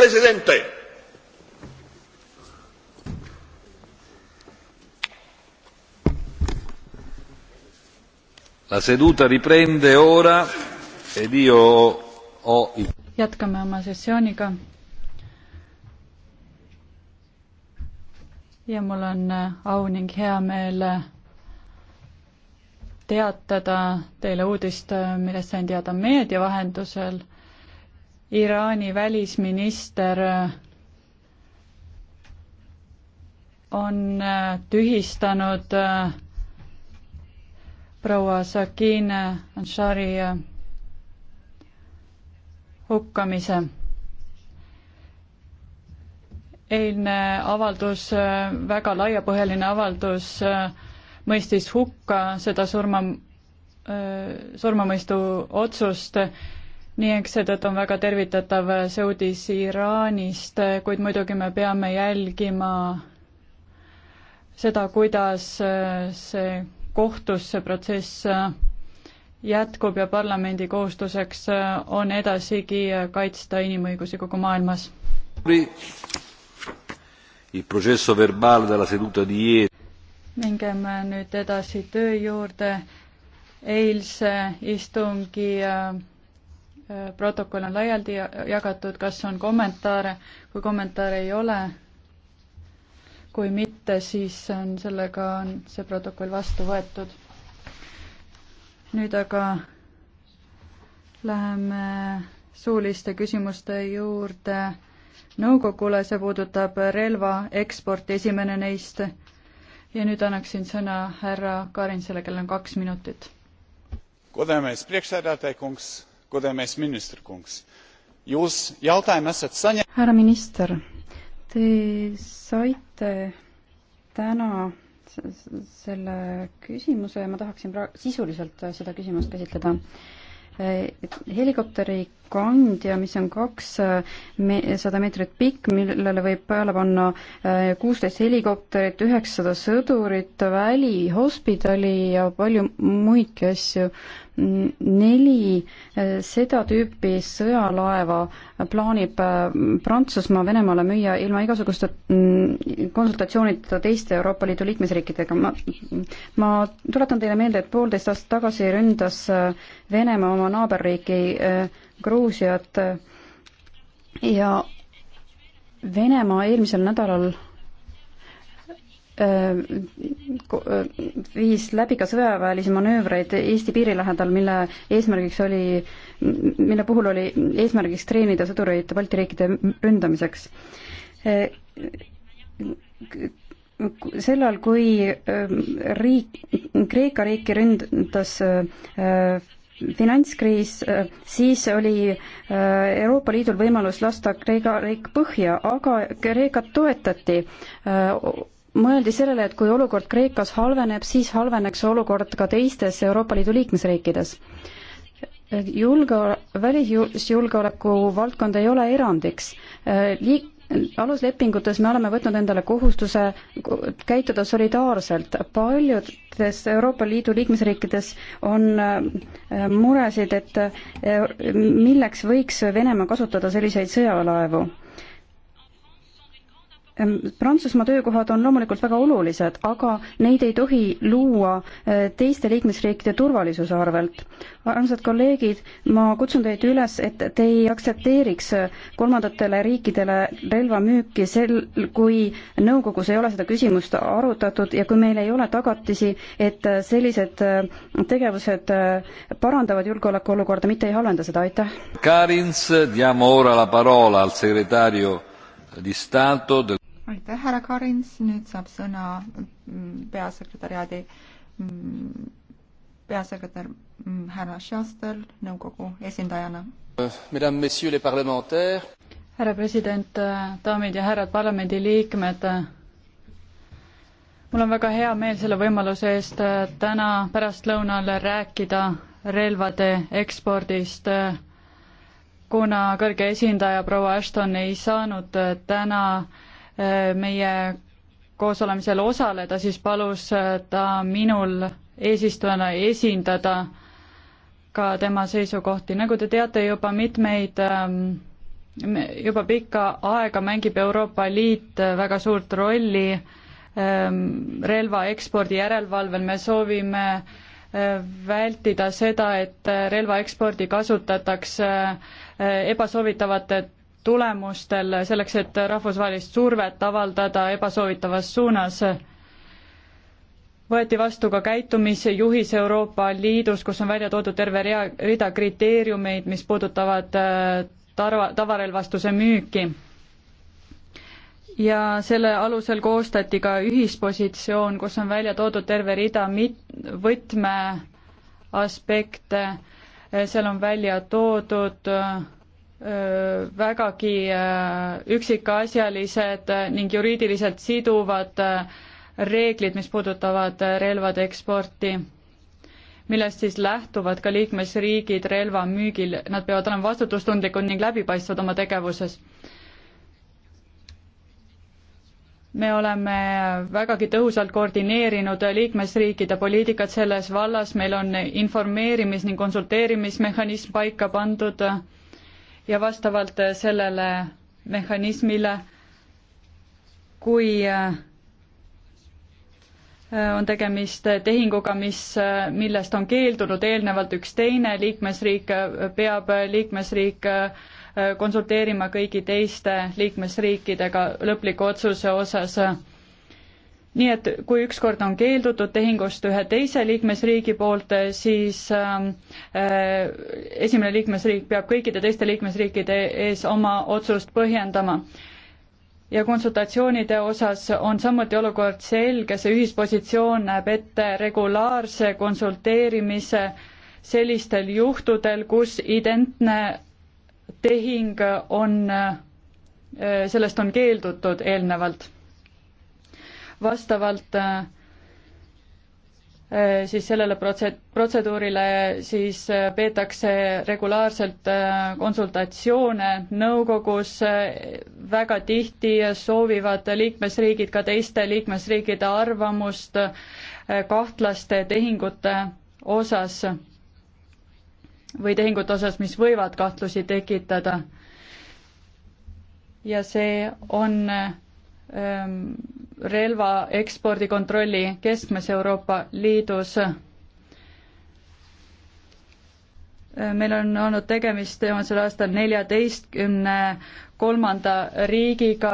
presidente. La seduta riprende ora ed io ho il... jätkame oma sessiooniga. ja mul on äh, au ning hea meel äh, teatada teile uudist, äh, millest sain teada meedia vahendusel Iraani välisminister äh, on äh, tühistanud äh, proua Sakin Ansari hukkamise. eilne avaldus, väga laiapõhjaline avaldus, mõistis hukka seda surma, surmamõistu otsust nii eks seetõttu on väga tervitatav see uudis Iraanist, kuid muidugi me peame jälgima seda, kuidas see kohtus see protsess jätkub ja parlamendi kohustuseks on edasigi kaitsta inimõigusi kogu maailmas. mingem nüüd edasi töö juurde. eilse istungi äh, protokoll on laialdi jagatud, kas on kommentaare, kui kommentaare ei ole, kui mitte, siis on sellega, on see protokoll vastu võetud. nüüd aga läheme suuliste küsimuste juurde nõukogule, see puudutab relva eksporti, esimene neist. ja nüüd annaksin sõna härra Karinsele, kellel on kaks minutit. kodamees, priekšsõdade kunst godājamais ministra kungs jūs jautājumu esat saņēmis. härra minister, te saite täna selle küsimuse ja ma tahaksin pra-, sisuliselt seda küsimust käsitleda. Eh, helikopteri kandja, mis on kakssada äh, meetrit pikk, millele võib peale panna äh, kuusteist helikopterit, üheksasada sõdurit, välihospidali ja palju muidki asju. neli äh, seda tüüpi sõjalaeva plaanib Prantsusmaa Venemaale müüa ilma igasuguste mm, konsultatsioonideta teiste Euroopa Liidu liikmesriikidega. ma, ma tuletan teile meelde, et poolteist aastat tagasi ründas Venemaa oma naaberriiki Gruusiat ja Venemaa eelmisel nädalal äh, äh, viis läbi ka sõjaväelisi manöövreid Eesti piiri lähedal, mille eesmärgiks oli, mille puhul oli eesmärgiks treenida sõdureid Balti riikide ründamiseks. Äh, sel ajal, kui riik, Kreeka riiki ründas finantskriis, äh, siis oli äh, Euroopa Liidul võimalus lasta Kreeka riik põhja, aga Kreekat toetati. Äh, mõeldi sellele, et kui olukord Kreekas halveneb, siis halveneks olukord ka teistes Euroopa Liidu liikmesriikides julge, välisjulgeoleku valdkond ei ole erandiks. Liik-, aluslepingutes me oleme võtnud endale kohustuse käituda solidaarselt. paljudes Euroopa Liidu liikmesriikides on äh, muresid, et äh, milleks võiks Venemaa kasutada selliseid sõjalaevu Ehm, Prantsusmaa töökohad on loomulikult väga olulised, aga neid ei tohi luua eh, teiste liikmesriikide turvalisuse arvelt. armsad kolleegid, ma kutsun teid üles, et te ei aktsepteeriks eh, kolmandatele riikidele relvamüüki sel, kui nõukogus ei ole seda küsimust arutatud ja kui meil ei ole tagatisi, et eh, sellised tegevused parandavad julgeolekuolukorda, mitte ei halvenda seda, aitäh. Karins, diamo ora la parola al segretario di Stato del aitäh, härra Karins, nüüd saab sõna mm, peasekretäriaadi, mm, peasekretär mm, härra Šastel nõukogu esindajana. härra president, daamid ja härrad parlamendiliikmed, mul on väga hea meel selle võimaluse eest täna pärastlõunal rääkida relvade ekspordist kuna kõrge esindaja proua Ashton ei saanud täna Äh, meie koosolemisel osaleda, siis palus äh, ta minul eesistujana esindada ka tema seisukohti. nagu te teate, juba mitmeid, ähm, juba pikka aega mängib Euroopa Liit äh, väga suurt rolli ähm, relva ekspordi järelevalvel, me soovime vältida seda, et relva ekspordi kasutatakse ebasoovitavate tulemustel, selleks et rahvusvahelist survet avaldada ebasoovitavas suunas. võeti vastu ka käitumisjuhis Euroopa Liidus, kus on välja toodud terve rea, rida kriteeriumeid, mis puudutavad äh, tarva, tavarelvastuse müüki. ja selle alusel koostati ka ühispositsioon, kus on välja toodud terve rida mit-, võtmeaspekte, äh, seal on välja toodud äh, vägagi üksikasjalised ning juriidiliselt siduvad reeglid, mis puudutavad relvade eksporti, millest siis lähtuvad ka liikmesriigid relva müügil, nad peavad olema vastutustundlikud ning läbipaistvad oma tegevuses me oleme vägagi tõhusalt koordineerinud liikmesriikide poliitikat selles vallas, meil on informeerimis- ning konsulteerimismehhanism paika pandud, ja vastavalt äh, sellele mehhanismile, kui äh, äh, on tegemist tehinguga, mis, millest on keeldunud eelnevalt üks teine liikmesriik, peab liikmesriik konsulteerima kõigi teiste liikmesriikidega lõpliku otsuse osas nii et kui ükskord on keeldutud tehingust ühe teise liikmesriigi poolt, siis ähm, äh, esimene liikmesriik peab kõikide teiste liikmesriikide ees oma otsust põhjendama. ja konsultatsioonide osas on samuti olukord selge, see ühispositsioon näeb ette regulaarse konsulteerimise sellistel juhtudel, kus identne tehing on, äh, sellest on keeldutud eelnevalt vastavalt äh, siis sellele protse-, protseduurile siis äh, peetakse regulaarselt äh, konsultatsioone nõukogus, väga tihti soovivad liikmesriigid ka teiste liikmesriikide arvamust kahtlaste tehingute osas või tehingute osas, mis võivad kahtlusi tekitada. ja see on Ehm, relva ekspordikontrolli keskmes Euroopa Liidus. Ehm, meil on olnud tegemist viimasel aastal neljateistkümne kolmanda riigiga,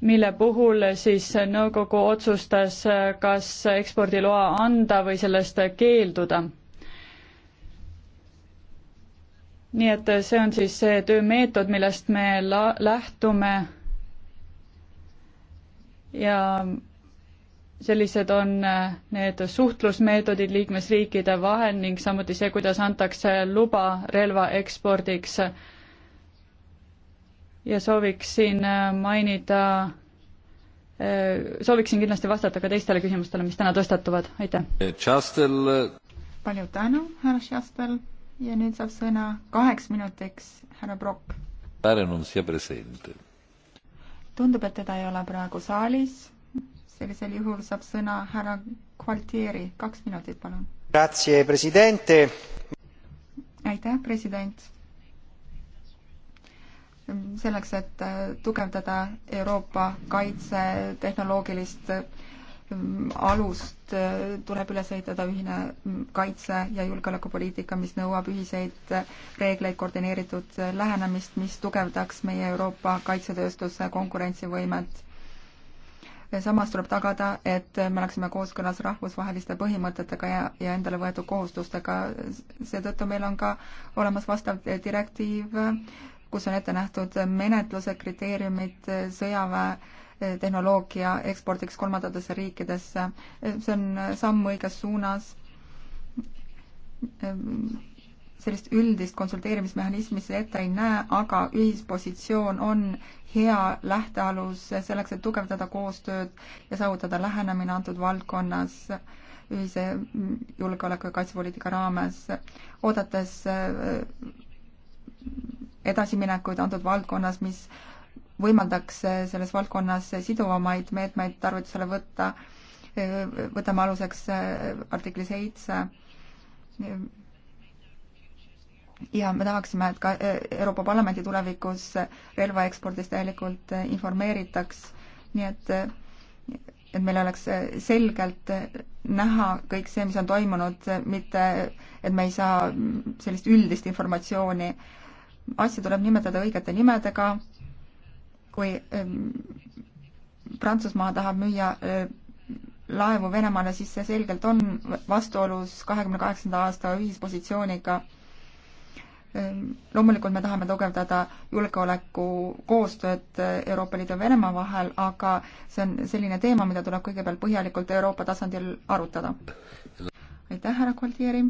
mille puhul siis nõukogu otsustas, kas ekspordiloa anda või sellest keelduda nii et see on siis see töömeetod, millest me la-, lähtume ja sellised on äh, need suhtlusmeetodid liikmesriikide vahel ning samuti see, kuidas antakse luba relva ekspordiks. ja sooviksin äh, mainida, äh, sooviksin kindlasti vastata ka teistele küsimustele, mis täna tõstatuvad, aitäh. palju tänu, härra Šastel ja nüüd saab sõna kaheks minutiks härra Brock tundub, et teda ei ole praegu saalis. sellisel juhul saab sõna härra Gualtieri, kaks minutit, palun. aitäh, president. selleks, et tugevdada Euroopa kaitsetehnoloogilist alust äh, tuleb üles ehitada ühine mm, kaitse- ja julgeolekupoliitika, mis nõuab ühiseid äh, reegleid, koordineeritud äh, lähenemist, mis tugevdaks meie Euroopa kaitsetööstuse konkurentsivõimet. samas tuleb tagada, et me oleksime kooskõlas rahvusvaheliste põhimõtetega ja, ja endale võetud kohustustega. seetõttu meil on ka olemas vastav direktiiv, kus on ette nähtud menetluse kriteeriumid sõjaväe tehnoloogia ekspordiks kolmandatesse riikidesse. see on samm õiges suunas. sellist üldist konsulteerimismehhanismi see ette ei näe, aga ühispositsioon on hea lähtealus selleks, et tugevdada koostööd ja saavutada lähenemine antud valdkonnas ühise julgeoleku ja kaitsepoliitika raames, oodates edasiminekuid antud valdkonnas, mis võimaldaks selles valdkonnas siduvamaid meetmeid tarvitusele võtta, võtame aluseks äh, artikli seitse. ja me tahaksime, et ka äh, Euroopa Parlamendi tulevikus relvaekspordist täielikult äh, informeeritaks, nii et, et meil oleks selgelt näha kõik see, mis on toimunud, mitte et me ei saa mm, sellist üldist informatsiooni. asju tuleb nimetada õigete nimedega kui ähm, Prantsusmaa tahab müüa äh, laevu Venemaale, siis see selgelt on vastuolus kahekümne kaheksanda aasta ühispositsiooniga. Ähm, loomulikult me tahame tugevdada julgeoleku koostööd äh, Euroopa Liidu ja Venemaa vahel, aga see on selline teema, mida tuleb kõigepealt põhjalikult Euroopa tasandil arutada. aitäh, härra Gualtieri!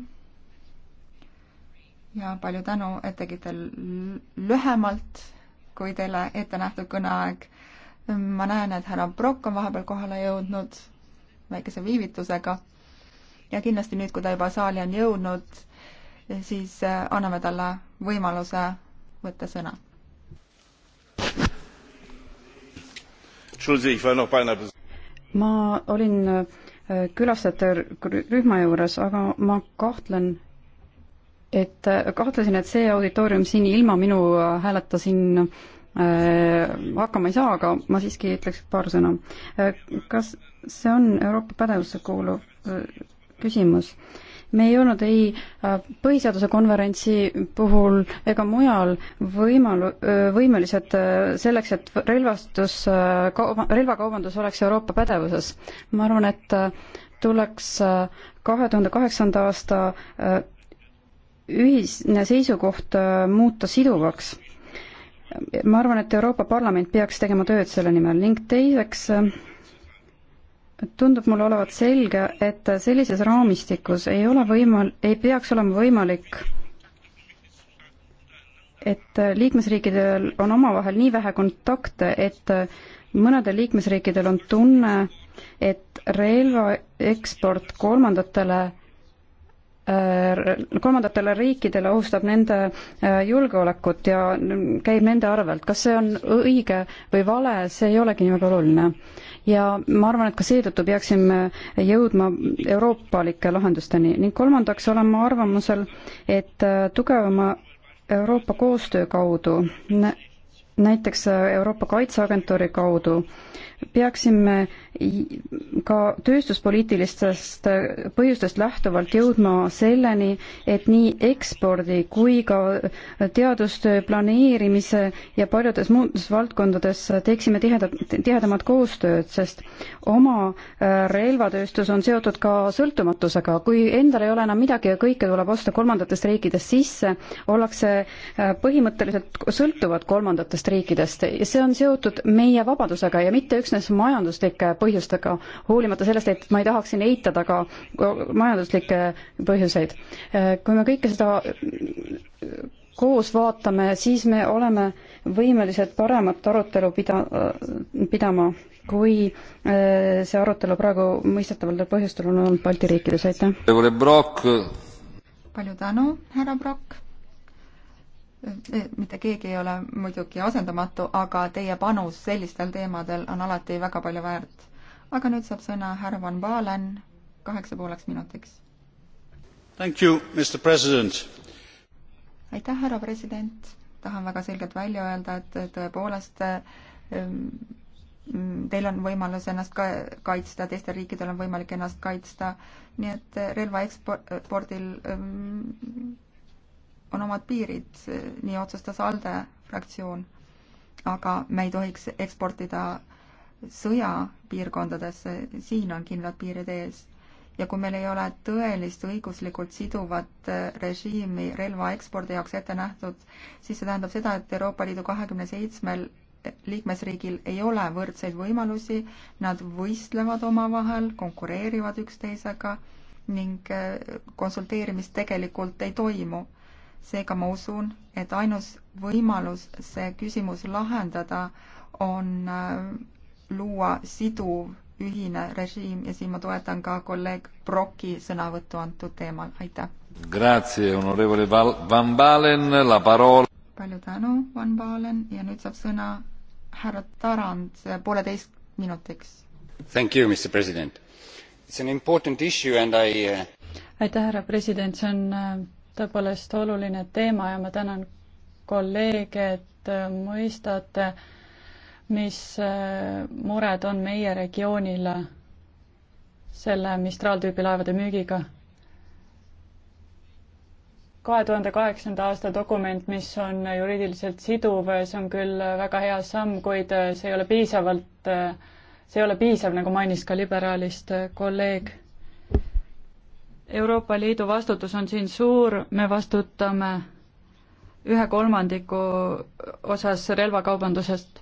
ja palju tänu, et tegite lühemalt kui teile ette nähtud kõneaeg. ma näen, et härra Brock on vahepeal kohale jõudnud väikese viivitusega ja kindlasti nüüd, kui ta juba saali on jõudnud, siis eh, anname talle võimaluse võtta sõna. ma olin eh, külastajate rühma juures, aga ma kahtlen et äh, kahtlesin, et see auditoorium siin ilma minu äh, hääleta siin äh, hakkama ei saa, aga ma siiski ütleks paar sõna. Äh, kas see on Euroopa pädevusse kuuluv küsimus? me ei olnud ei põhiseaduse konverentsi puhul ega mujal võimal-, võimelised selleks, et relvastus, relvakaubandus oleks Euroopa pädevuses. ma arvan, et tuleks kahe tuhande kaheksanda aasta ühisne seisukoht äh, muuta siduvaks. ma arvan, et Euroopa Parlament peaks tegema tööd selle nimel ning teiseks äh, tundub mulle olevat selge, et sellises raamistikus ei ole võimal-, ei peaks olema võimalik et liikmesriikidel on omavahel nii vähe kontakte, et mõnedel liikmesriikidel on tunne, et relva eksport kolmandatele Äh, kolmandatele riikidele ohustab nende äh, julgeolekut ja käib nende arvelt. kas see on õige või vale, see ei olegi nii väga oluline. ja ma arvan, et ka seetõttu peaksime jõudma euroopalike lahendusteni ning kolmandaks olen ma arvamusel, et äh, tugevama Euroopa koostöö kaudu näiteks Euroopa Kaitseagentuuri kaudu äh, peaksime ka tööstuspoliitilistest põhjustest lähtuvalt jõudma selleni, et nii ekspordi kui ka teadustöö planeerimise ja paljudes muudes valdkondades teeksime tiheda, tihedamat koostööd, sest oma äh, relvatööstus on seotud ka sõltumatusega. kui endal ei ole enam midagi ja kõike tuleb osta kolmandatest riikidest sisse, ollakse äh, põhimõtteliselt sõltuvad kolmandatest riikidest ja see on seotud meie vabadusega ja mitte üks üksnes majanduslike põhjustega, hoolimata sellest, et ma ei tahaks siin eitada ka majanduslikke põhjuseid. kui me kõike seda koos vaatame, siis me oleme võimelised paremat arutelu pida-, pidama, kui eh, see arutelu praegu mõistetavatel põhjustel on olnud Balti riikides, aitäh! palju tänu, härra Brock! mitte keegi ei ole muidugi asendamatu, aga teie panus sellistel teemadel on alati väga palju väärt. aga nüüd saab sõna härra Van Balen kaheksa pooleks minutiks. aitäh, härra president, tahan väga selgelt välja öelda, et tõepoolest ehm, teil on võimalus ennast ka kaitsta, teistel riikidel on võimalik ennast kaitsta, nii et relva ekspordil on omad piirid, nii otsustas ALDE fraktsioon. aga me ei tohiks eksportida sõjapiirkondadesse, siin on kindlad piirid ees. ja kui meil ei ole tõelist õiguslikult siduvat äh, režiimi relva ekspordi jaoks ette nähtud, siis see tähendab seda, et Euroopa Liidu kahekümne seitsmel liikmesriigil ei ole võrdseid võimalusi, nad võistlevad omavahel, konkureerivad üksteisega ning äh, konsulteerimist tegelikult ei toimu seega ma usun, et ainus võimalus see küsimus lahendada on äh, luua siduv ühine režiim ja siin ma toetan ka kolleeg Broki sõnavõttu antud teemal, aitäh. palju tänu, Van Balen, ja nüüd saab sõna härra Tarand äh, pooleteist minutiks. Thank you, Mr President. It's an important issue and I äh, aitäh, härra president, see on tõepoolest oluline teema ja ma tänan kolleege, et äh, mõistate, mis äh, mured on meie regioonil äh, selle Mistral tüüpi laevade müügiga. kahe tuhande kaheksanda aasta dokument, mis on juriidiliselt siduv, see on küll väga hea samm, kuid see ei ole piisavalt, see ei ole piisav, nagu mainis ka liberaalist kolleeg Euroopa Liidu vastutus on siin suur, me vastutame ühe kolmandiku osas relvakaubandusest.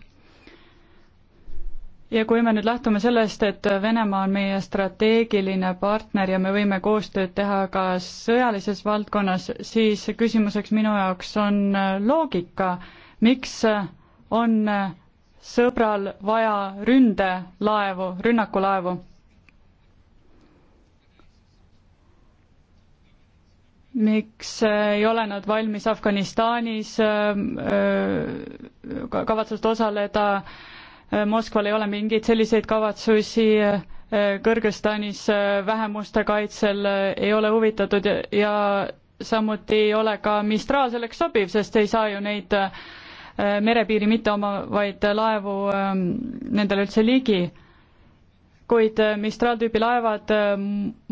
ja kui me nüüd lähtume sellest, et Venemaa on meie strateegiline partner ja me võime koostööd teha ka sõjalises valdkonnas, siis küsimuseks minu jaoks on loogika, miks on sõbral vaja ründelaevu, rünnakulaevu miks ei ole nad valmis Afganistanis ähm, äh, kavatsust osaleda, äh, Moskval ei ole mingeid selliseid kavatsusi, äh, Kõrgõzstanis vähemuste kaitsel ei ole huvitatud ja, ja samuti ei ole ka Mistral selleks sobiv, sest ei saa ju neid merepiiri mitte omavaid laevu ähm, nendele üldse ligi kuid äh, Mistral tüüpi laevad äh,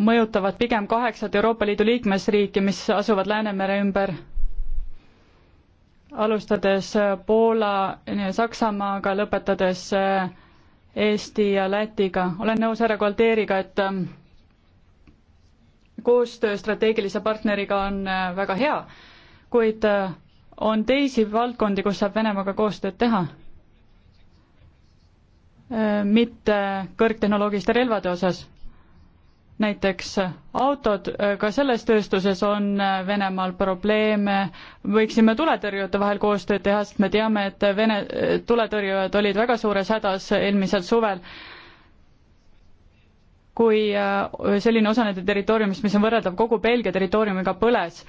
mõjutavad pigem kaheksat Euroopa Liidu liikmesriiki, mis asuvad Läänemere ümber, alustades äh, Poola, Saksamaaga, lõpetades Eesti ja Lätiga. olen nõus härra Koldeeriga, et ähm, koostöö strateegilise partneriga on väga hea, kuid on teisi valdkondi, kus saab Venemaaga koostööd teha mitte kõrgtehnoloogiliste relvade osas. näiteks autod, ka selles tööstuses on Venemaal probleeme, võiksime tuletõrjujate vahel koostööd teha, sest me teame, et Vene tuletõrjujad olid väga suures hädas eelmisel suvel, kui selline osa nende territooriumist, mis on võrreldav kogu Belgia territooriumiga, põles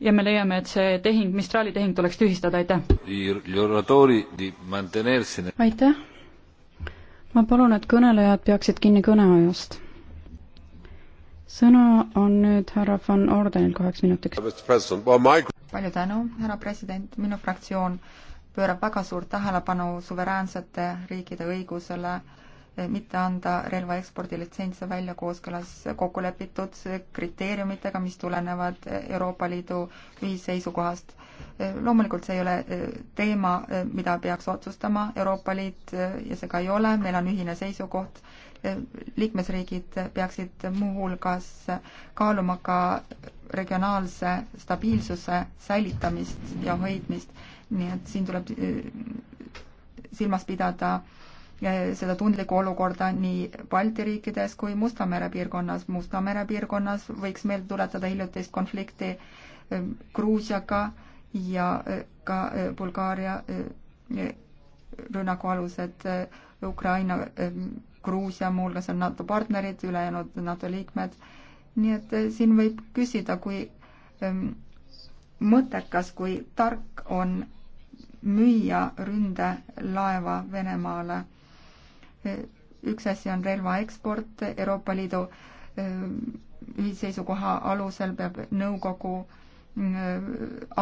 ja me leiame, et see tehing, Mistrali tehing tuleks tühistada, aitäh. aitäh. ma palun, et kõnelejad peaksid kinni kõneajast. sõna on nüüd härra Van Ordenil kaheks minutiks. palju tänu, härra president, minu fraktsioon pöörab väga suurt tähelepanu suveräänsete riikide õigusele äh, mitte anda relva ekspordilitsentse välja kooskõlas kokkulepitud kriteeriumitega, mis tulenevad Euroopa Liidu ühisseisukohast. loomulikult see ei ole eh, teema, eh, mida peaks otsustama Euroopa Liit eh, ja see ka ei ole, meil on ühine seisukoht. liikmesriigid peaksid muuhulgas kaaluma ka regionaalse stabiilsuse säilitamist ja hoidmist, nii et siin tuleb silmas pidada äh, seda tundlikku olukorda nii Balti riikides kui Musta mere piirkonnas. Musta mere piirkonnas võiks meelde tuletada hiljutist konflikti eh, Gruusiaga ja eh, ka eh, Bulgaaria rünnaku alused Ukraina, Gruusia muuhulgas on NATO partnerid, ülejäänud NATO liikmed. nii et siin võib küsida, kui ehm, mõttekas, kui tark on müüa ründelaeva Venemaale üks asi on relva eksport, Euroopa Liidu ähm, ühisseisukoha alusel peab nõukogu äh,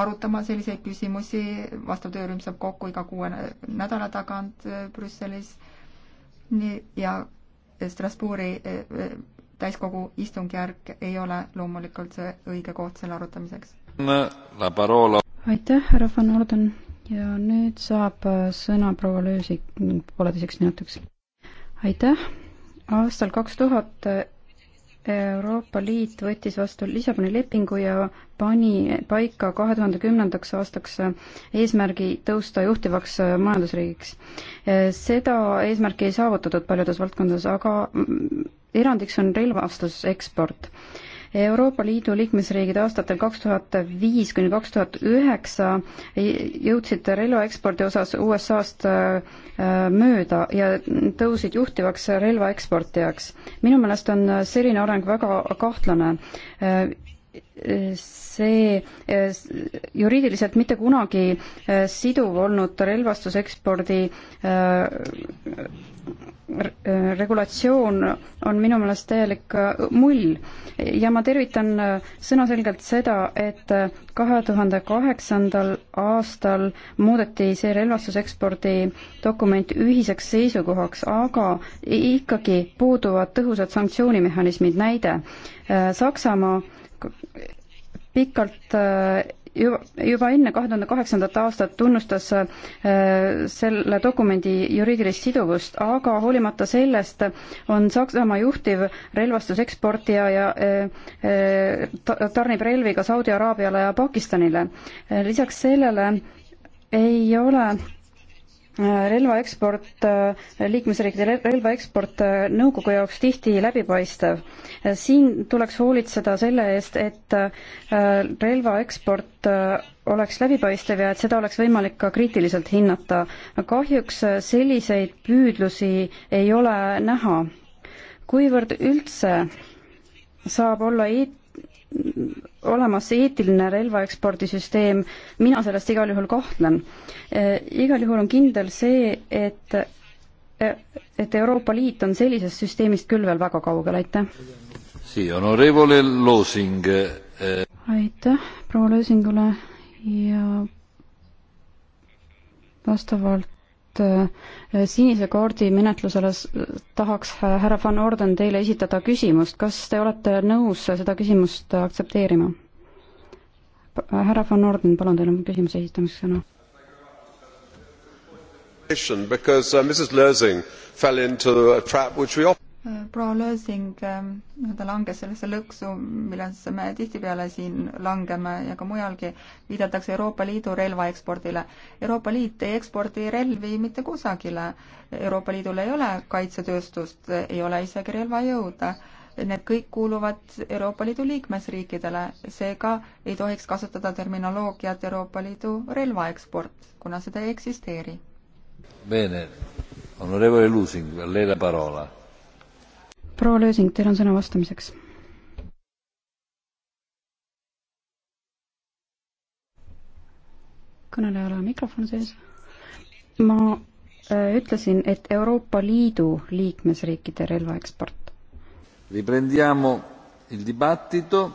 arutama selliseid küsimusi, vastav töörühm saab kokku iga kuue nädala tagant äh, Brüsselis nii, ja Strasbourgi äh, täiskogu istungjärk ei ole loomulikult see õige koht selle arutamiseks. aitäh, härra Van Orden ja nüüd saab sõna proua Löösik pooleteiseks minutiks aitäh. aastal kaks tuhat eh, Euroopa Liit võttis vastu Lissaboni lepingu ja pani paika kahe tuhande kümnendaks aastaks eh, eesmärgi tõusta juhtivaks eh, majandusriigiks. seda eesmärki ei saavutatud paljudes valdkondades, aga mm, erandiks on relvastus eksport Euroopa Liidu liikmesriigid aastatel kaks tuhat viis kuni kaks tuhat üheksa jõudsid relvaekspordi osas USA-st äh, mööda ja tõusid juhtivaks relvaeksportijaks. minu meelest on selline areng väga kahtlane äh, see eh, juriidiliselt mitte kunagi eh, siduv olnud relvastusekspordi eh, regulatsioon on minu meelest täielik mull ja ma tervitan sõnaselgelt seda, et kahe tuhande kaheksandal aastal muudeti see relvastusekspordi dokument ühiseks seisukohaks, aga ikkagi puuduvad tõhusad sanktsioonimehhanismid, näide Saksamaa pikalt äh, juba, juba enne kahe tuhande kaheksandat aastat tunnustas äh, selle dokumendi juriidilist siduvust, aga hoolimata sellest on Saksamaa juhtiv relvastuseksportija ja äh, tarnib relvi ka Saudi Araabiale ja Pakistanile. lisaks sellele ei ole relvaeksport, äh, liikmesriikide relvaeksport äh, nõukogu jaoks tihti läbipaistev. siin tuleks hoolitseda selle eest, et äh, relvaeksport oleks läbipaistev ja et seda oleks võimalik ka kriitiliselt hinnata. kahjuks selliseid püüdlusi ei ole näha. kuivõrd üldse saab olla eet-, olemas eetiline relvaekspordisüsteem, mina sellest igal juhul kahtlen. Eh, igal juhul on kindel see, et eh, et Euroopa Liit on sellisest süsteemist küll veel väga kaugel, aitäh. Eh, aitäh proua Lösingule ja vastavalt Äh, sinise kaardi menetlusele tahaks härra Van Orden teile esitada küsimust, kas te olete nõus seda küsimust aktsepteerima? härra Van Orden, palun, teil on küsimuse esitamiseks sõna. Because uh, Mrs Lösing fell into a trap which we often proua Lösing nii-öelda ähm, langes sellesse lõksu, millesse me tihtipeale siin langeme ja ka mujalgi, viidatakse Euroopa Liidu relvaekspordile. Euroopa Liit ei ekspordi relvi mitte kusagile. Euroopa Liidul ei ole kaitsetööstust, ei ole isegi relvajõude. Need kõik kuuluvad Euroopa Liidu liikmesriikidele, seega ei tohiks kasutada terminoloogiat Euroopa Liidu relvaeksport, kuna seda ei eksisteeri. Bene, onorevole Lusing, lei la parola proua Lösing, teil on sõna vastamiseks. kõnelejale on mikrofon sees. ma äh, ütlesin, et Euroopa Liidu liikmesriikide relvaeksport. Riprendiamo il dibattito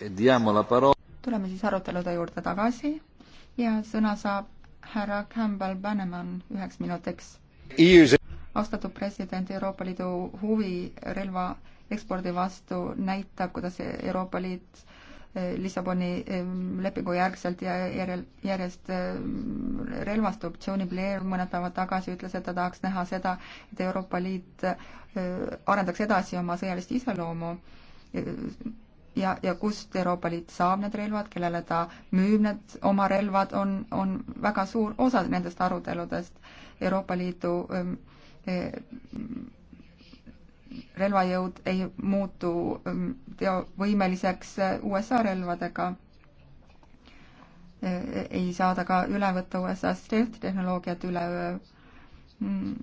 e diamo la parola. tuleme siis arutelude juurde tagasi ja sõna saab härra Campbell Bannemann üheks minutiks austatud president, Euroopa Liidu huvi relva ekspordi vastu näitab, kuidas Euroopa Liit eh, Lissaboni eh, lepingu järgselt ja järel, järjest eh, relvastub. Tony Blair mõned päevad tagasi ütles, et ta tahaks näha seda, et Euroopa Liit arendaks edasi oma sõjalist iseloomu ja, ja kust Euroopa Liit saab need relvad, kellele ta müüb need oma relvad, on, on väga suur osa nendest aruteludest Euroopa Liidu Eh, relvajõud ei muutu mm, teovõimeliseks eh, USA relvadega, eh, ei saada ka üle võtta USA stealth-tehnoloogiat üleöö mm.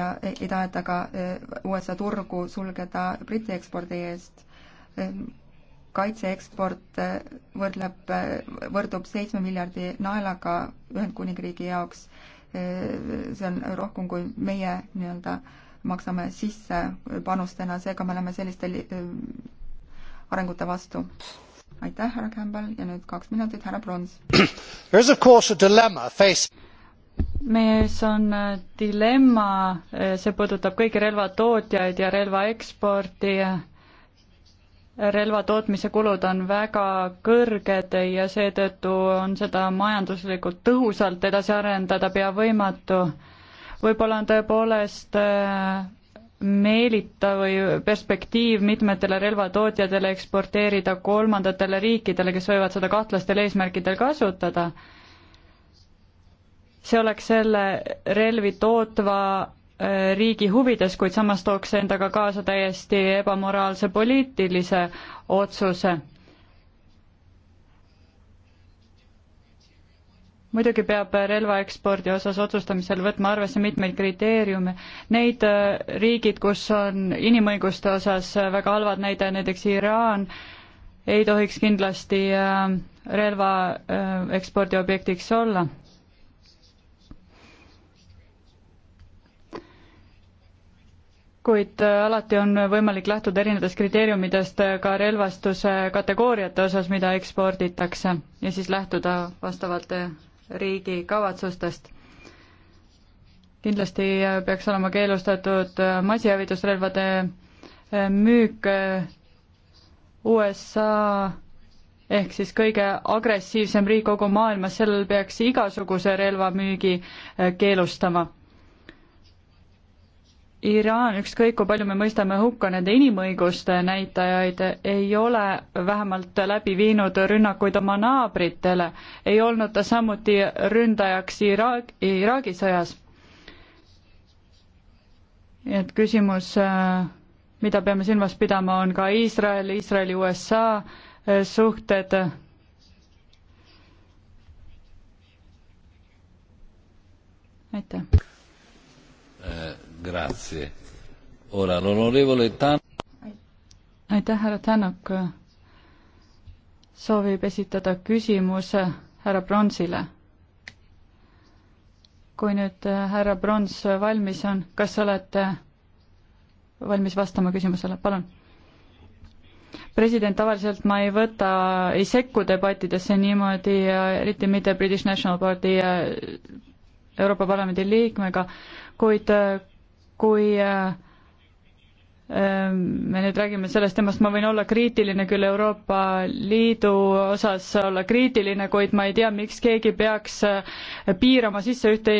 ja ei taheta ka USA turgu sulgeda Briti ekspordi eest. kaitseeksport võrdleb, võrdub seitsme miljardi naelaga Ühendkuningriigi jaoks see on rohkem, kui meie nii-öelda maksame sisse panustena, seega me oleme selliste arengute vastu. aitäh, härra Campbell ja nüüd kaks minutit, härra Brons. meie ees on äh, dilemma, äh, see puudutab kõiki relvatootjaid ja relva eksporti relvatootmise kulud on väga kõrged ja seetõttu on seda majanduslikult tõhusalt edasi arendada pea võimatu. võib-olla on tõepoolest äh, meelitav või perspektiiv mitmetele relvatootjatele eksporteerida kolmandatele riikidele, kes võivad seda kahtlastel eesmärkidel kasutada. see oleks selle relvi tootva riigi huvides, kuid samas tooks see endaga kaasa täiesti ebamoraalse poliitilise otsuse. muidugi peab relvaekspordi osas otsustamisel võtma arvesse mitmeid kriteeriume. Neid äh, riigid, kus on inimõiguste osas väga halvad näide, näiteks Iraan, ei tohiks kindlasti äh, relva äh, ekspordi objektiks olla kuid äh, alati on võimalik lähtuda erinevatest kriteeriumidest äh, ka relvastuse kategooriate osas, mida eksporditakse ja siis lähtuda vastavalt riigi kavatsustest. kindlasti äh, peaks olema keelustatud massihävitusrelvade müük USA ehk siis kõige agressiivsem riik kogu maailmas, sellel peaks igasuguse relvamüügi keelustama Iraan, ükskõik kui palju me mõistame hukka nende inimõiguste näitajaid, ei ole vähemalt läbi viinud rünnakuid oma naabritele, ei olnud ta samuti ründajaks Iraag, Iraagi sõjas. nii et küsimus, äh, mida peame silmas pidama, on ka Iisrael, Iisraeli-USA äh, suhted aitäh. Äh, Grazie. Ora l'onorevole Tan-. aitäh, härra Tänak soovib esitada küsimuse härra Bronsile. kui nüüd äh, härra Brons valmis on, kas olete valmis vastama küsimusele, palun? president, tavaliselt ma ei võta, ei sekku debattidesse niimoodi, eriti mitte British National Party Euroopa Parlamendi liikmega, kuid äh, kui äh, me nüüd räägime sellest temast, ma võin olla kriitiline küll Euroopa Liidu osas, olla kriitiline, kuid ma ei tea, miks keegi peaks äh, piirama sisse ühte,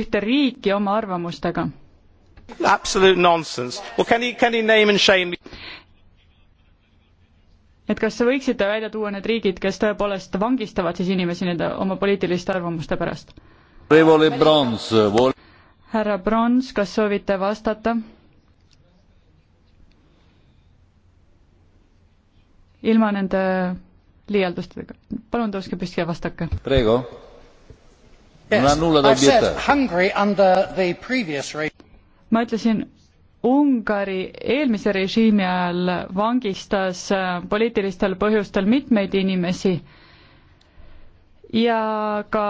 ühte riiki oma arvamustega. Absolute nonsense. Well can you, can you name and shame et kas te võiksite välja tuua need riigid, kes tõepoolest vangistavad siis inimesi nende oma poliitiliste arvamuste pärast? härra Brons, kas soovite vastata? ilma nende liialdustega. palun tõuske püsti ja vastake. Prego. ma ütlesin, Ungari eelmise režiimi ajal vangistas äh, poliitilistel põhjustel mitmeid inimesi ja ka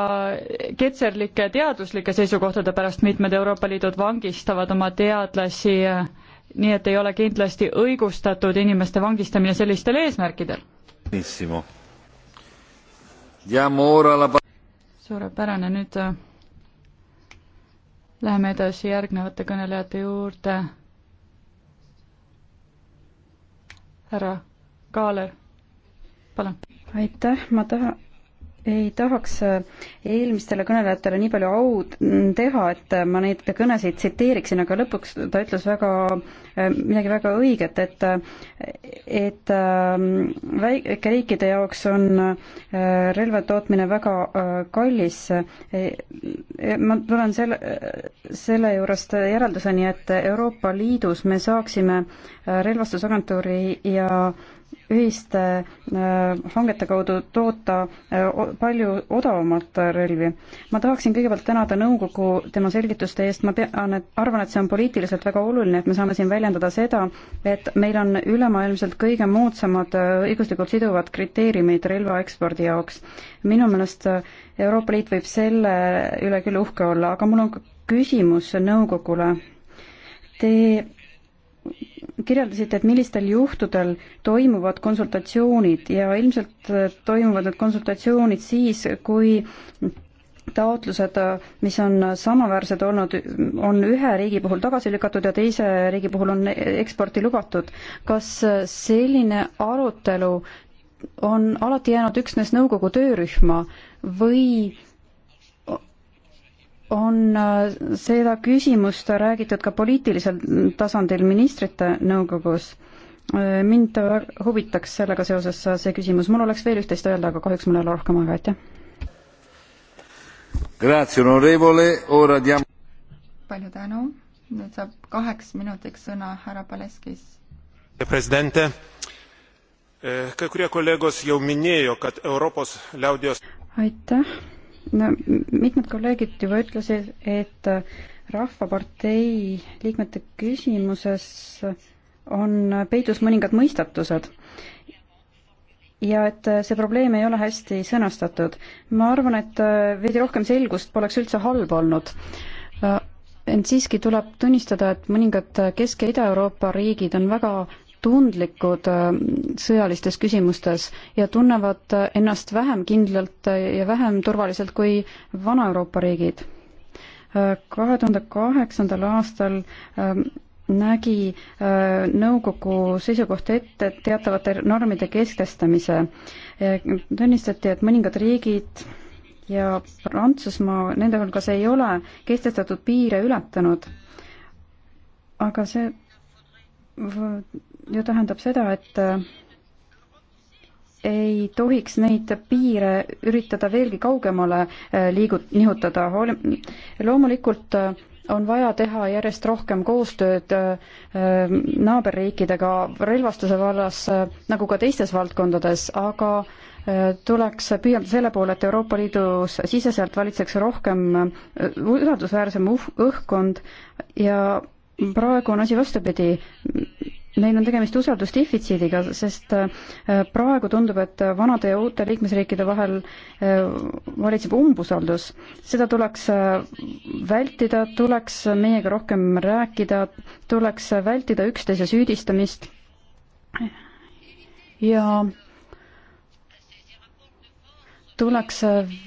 ketserlike teaduslike seisukohtade pärast mitmed Euroopa Liidud vangistavad oma teadlasi, nii et ei ole kindlasti õigustatud inimeste vangistamine sellistel eesmärkidel. suurepärane, nüüd äh, läheme edasi järgnevate kõnelejate juurde. härra Kaaler, palun. aitäh, ma tahan ei tahaks äh, eelmistele kõnelejatele nii palju au mm, teha, et äh, ma neid kõnesid tsiteeriksin, aga lõpuks ta ütles väga, äh, midagi väga õiget, et et väikeriikide jaoks on relva tootmine väga kallis. E, e, ma tulen selle, selle juurest järelduseni, et Euroopa Liidus me saaksime relvastusagentuuri ja ühiste äh, hangete kaudu toota äh, palju odavamalt relvi. ma tahaksin kõigepealt tänada nõukogu tema selgituste eest, ma pean, et arvan, et see on poliitiliselt väga oluline, et me saame siin väljendada seda, et meil on ülemaailmselt kõige moodsamad äh, õiguslikult siduvad kriteeriumid relva ekspordi jaoks. minu meelest Euroopa Liit võib selle üle küll uhke olla, aga mul on küsimus nõukogule. Te kirjeldasite, et millistel juhtudel toimuvad konsultatsioonid ja ilmselt toimuvad need konsultatsioonid siis, kui taotlused, mis on samaväärsed olnud, on ühe riigi puhul tagasi lükatud ja teise riigi puhul on eksporti lubatud. kas selline arutelu on alati jäänud üksnes nõukogu töörühma või on äh, seda küsimust räägitud ka poliitilisel tasandil ministrite nõukogus. Äh, mind huvitaks sellega seoses see küsimus, mul oleks veel üht-teist öelda, aga kahjuks mul ei ole rohkem aega, aitäh. palju tänu, nüüd saab kaheks minutiks sõna härra Paleskis. presidente, äh, kõik kolleegid juba mainisid, et Euroopas liaudios aitäh no mitmed kolleegid juba ütlesid, et Rahvapartei liikmete küsimuses on peidus mõningad mõistatused ja et see probleem ei ole hästi sõnastatud. ma arvan, et veidi rohkem selgust poleks üldse halb olnud. ent siiski tuleb tunnistada, et mõningad Kesk- ja Ida-Euroopa riigid on väga tundlikud äh, sõjalistes küsimustes ja tunnevad äh, ennast vähem kindlalt äh, ja vähem turvaliselt kui Vana-Euroopa riigid. kahe tuhande kaheksandal aastal ähm, nägi nõukogu seisukoht ette teatavate normide keskestamise. tunnistati, et mõningad riigid ja Prantsusmaa nende hulgas ei ole kehtestatud piire ületanud. aga see ju tähendab seda, et äh, ei tohiks neid piire üritada veelgi kaugemale äh, liigut-, nihutada. loomulikult äh, on vaja teha järjest rohkem koostööd naaberriikidega relvastuse vallas nagu ka teistes valdkondades, aga tuleks püüelda selle poole, et Euroopa Liidus siseselt valitseks rohkem usaldusväärsem õhkkond ja praegu on asi vastupidi meil on tegemist usaldusdefitsiidiga, sest äh, praegu tundub, et vanade ja uute liikmesriikide vahel äh, valitseb umbusaldus. seda tuleks äh, vältida, tuleks meiega rohkem rääkida, tuleks vältida üksteise süüdistamist ja tuleks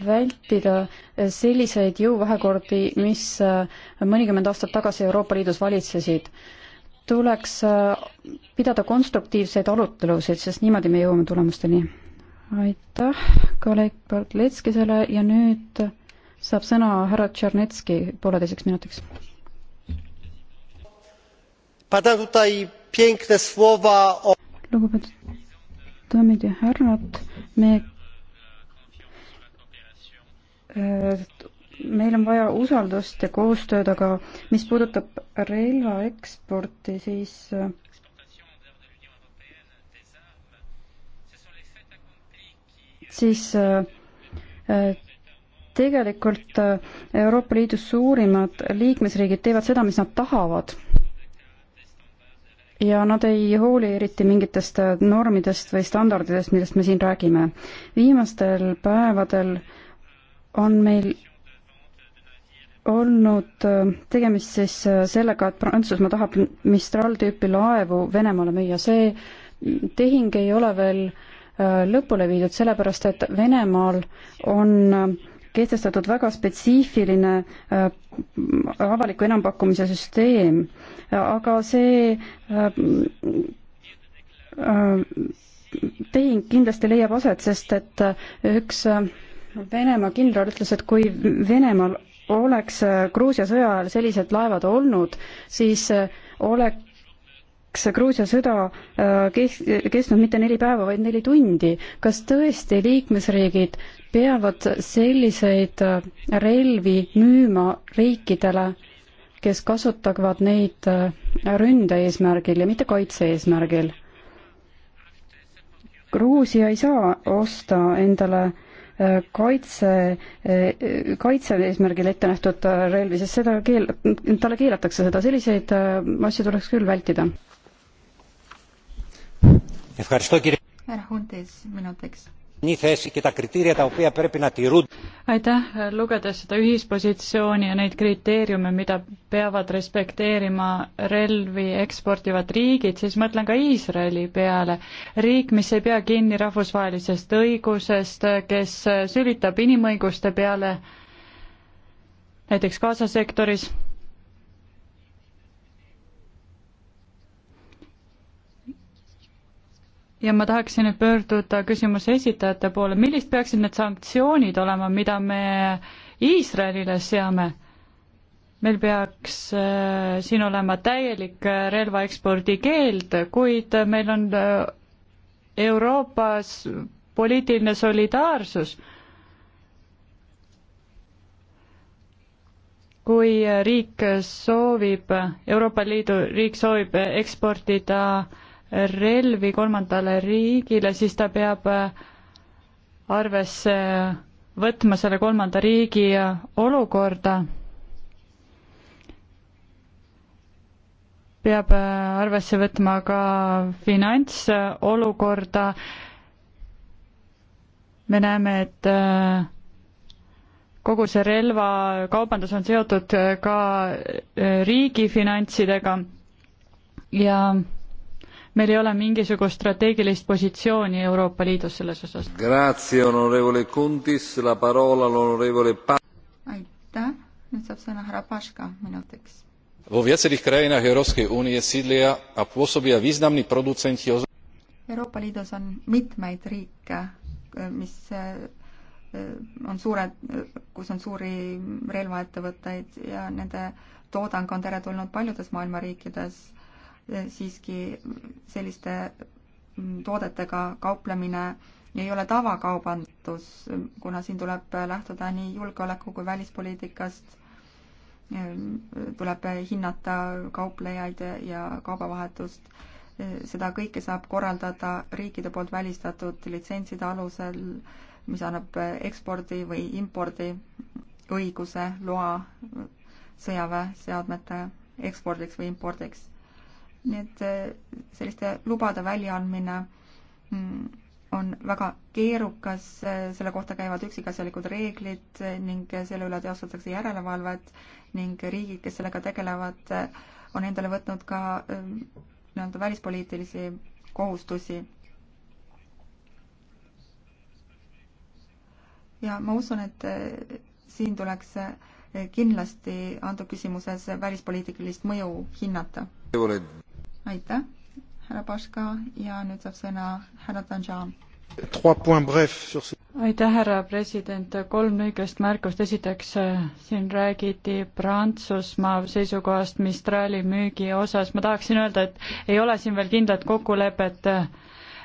vältida selliseid jõuvahekordi, mis mõnikümmend aastat tagasi Euroopa Liidus valitsesid tuleks äh, pidada konstruktiivseid arutelusid, sest niimoodi me jõuame tulemusteni. aitäh kolleeg Bartletskisele ja nüüd saab sõna härra Tšernetski pooleteiseks minutiks. lugupeetud daamid ja härrad, me äh, meil on vaja usaldust ja koostööd, aga mis puudutab relva eksporti, siis siis tegelikult Euroopa Liidu suurimad liikmesriigid teevad seda, mis nad tahavad. ja nad ei hooli eriti mingitest normidest või standardidest, millest me siin räägime. viimastel päevadel on meil olnud äh, tegemist siis äh, sellega, et Prantsusmaa tahab Mistral tüüpi laevu Venemaale müüa, see tehing ei ole veel äh, lõpule viidud, sellepärast et Venemaal on kehtestatud väga spetsiifiline avaliku enampakkumise süsteem, aga see tehing kindlasti leiab aset, sest et üks Venemaa kindral ütles, et kui Venemaal oleks äh, Gruusia sõja ajal sellised laevad olnud, siis äh, oleks Gruusia sõda äh, kest-, kestnud mitte neli päeva, vaid neli tundi. kas tõesti liikmesriigid peavad selliseid relvi müüma riikidele, kes kasutavad neid ründe eesmärgil ja mitte kaitse eesmärgil? Gruusia ei saa osta endale äh, kaitse, kaitse eesmärgil ette nähtud relvi, sest seda keel-, talle keelatakse seda, selliseid äh, asju tuleks küll vältida. härra Huntis, minutiks aitäh, lugedes seda ühispositsiooni ja neid kriteeriume, mida peavad respekteerima relvi eksportivad riigid, siis mõtlen ka Iisraeli peale. riik, mis ei pea kinni rahvusvahelisest õigusest, kes sülitab inimõiguste peale näiteks Gaza sektoris ja ma tahaksin nüüd pöörduda küsimuse esitajate poole, millised peaksid need sanktsioonid olema, mida me Iisraelile seame? meil peaks äh, siin olema täielik äh, relvaekspordi keeld, kuid äh, meil on äh, Euroopas poliitiline solidaarsus. kui riik soovib, Euroopa Liidu riik soovib eksportida äh, relvi kolmandale riigile, siis ta peab äh, arvesse võtma selle kolmanda riigi äh, olukorda, peab äh, arvesse võtma ka finantsolukorda, me näeme, et kogu see relvakaubandus on seotud ka riigi finantsidega ja meil ei ole mingisugust strateegilist positsiooni Euroopa Liidus selles osas. aitäh, nüüd saab sõna härra Paška minutiks. vo viacerých krajinách Európskej únie sídlia a pôsobia významní producenti ozo- Euroopa Liidus on mitmeid riike, mis eh, on suured, kus on suuri relvaettevõtteid ja nende toodang on teretulnud paljudes maailma riikides siiski selliste mm, toodetega kauplemine ei ole tavakaubandus, kuna siin tuleb lähtuda nii julgeoleku kui välispoliitikast, ehm, tuleb hinnata kauplejaid ja kaubavahetust. E, seda kõike saab korraldada riikide poolt välistatud litsentside alusel, mis annab ekspordi või impordi õiguse, loa sõjaväeseadmete ekspordiks või impordiks nii et eh, selliste lubade väljaandmine mm, on väga keerukas, eh, selle kohta käivad üksikasjalikud reeglid eh, ning selle üle teostatakse järelevalvet ning riigid, kes sellega tegelevad, on endale võtnud ka nii-öelda välispoliitilisi kohustusi. ja ma usun, et siin tuleks kindlasti antud küsimuses välispoliitilist mõju hinnata aitäh, härra Paška ja nüüd saab sõna härra Danjan. aitäh, härra president, kolm lühikest märkust, esiteks siin räägiti Prantsusmaa seisukohast Mistrali müügi osas, ma tahaksin öelda, et ei ole siin veel kindlat kokkulepet,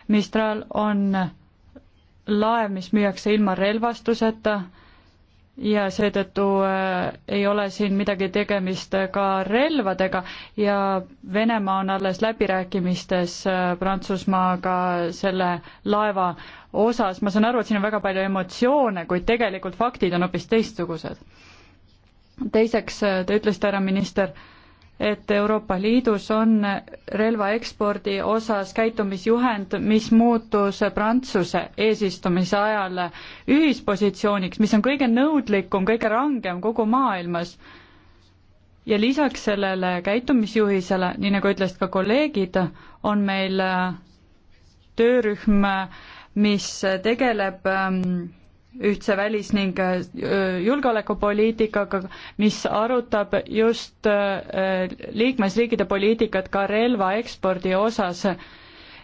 Mistral on laev, mis müüakse ilma relvastuseta ja seetõttu äh, ei ole siin midagi tegemist ka relvadega ja Venemaa on alles läbirääkimistes äh, Prantsusmaaga selle laeva osas, ma saan aru, et siin on väga palju emotsioone, kuid tegelikult faktid on hoopis teistsugused. teiseks, äh, te ütlesite, härra minister, et Euroopa Liidus on relvaekspordi osas käitumisjuhend, mis muutus Prantsuse eesistumise ajal ühispositsiooniks, mis on kõige nõudlikum, kõige rangem kogu maailmas. ja lisaks sellele käitumisjuhisele, nii nagu ütlesid ka kolleegid, on meil töörühm, mis tegeleb ähm, ühtse välis- ning äh, julgeolekupoliitikaga, mis arutab just äh, liikmesriikide poliitikat ka relva ekspordi osas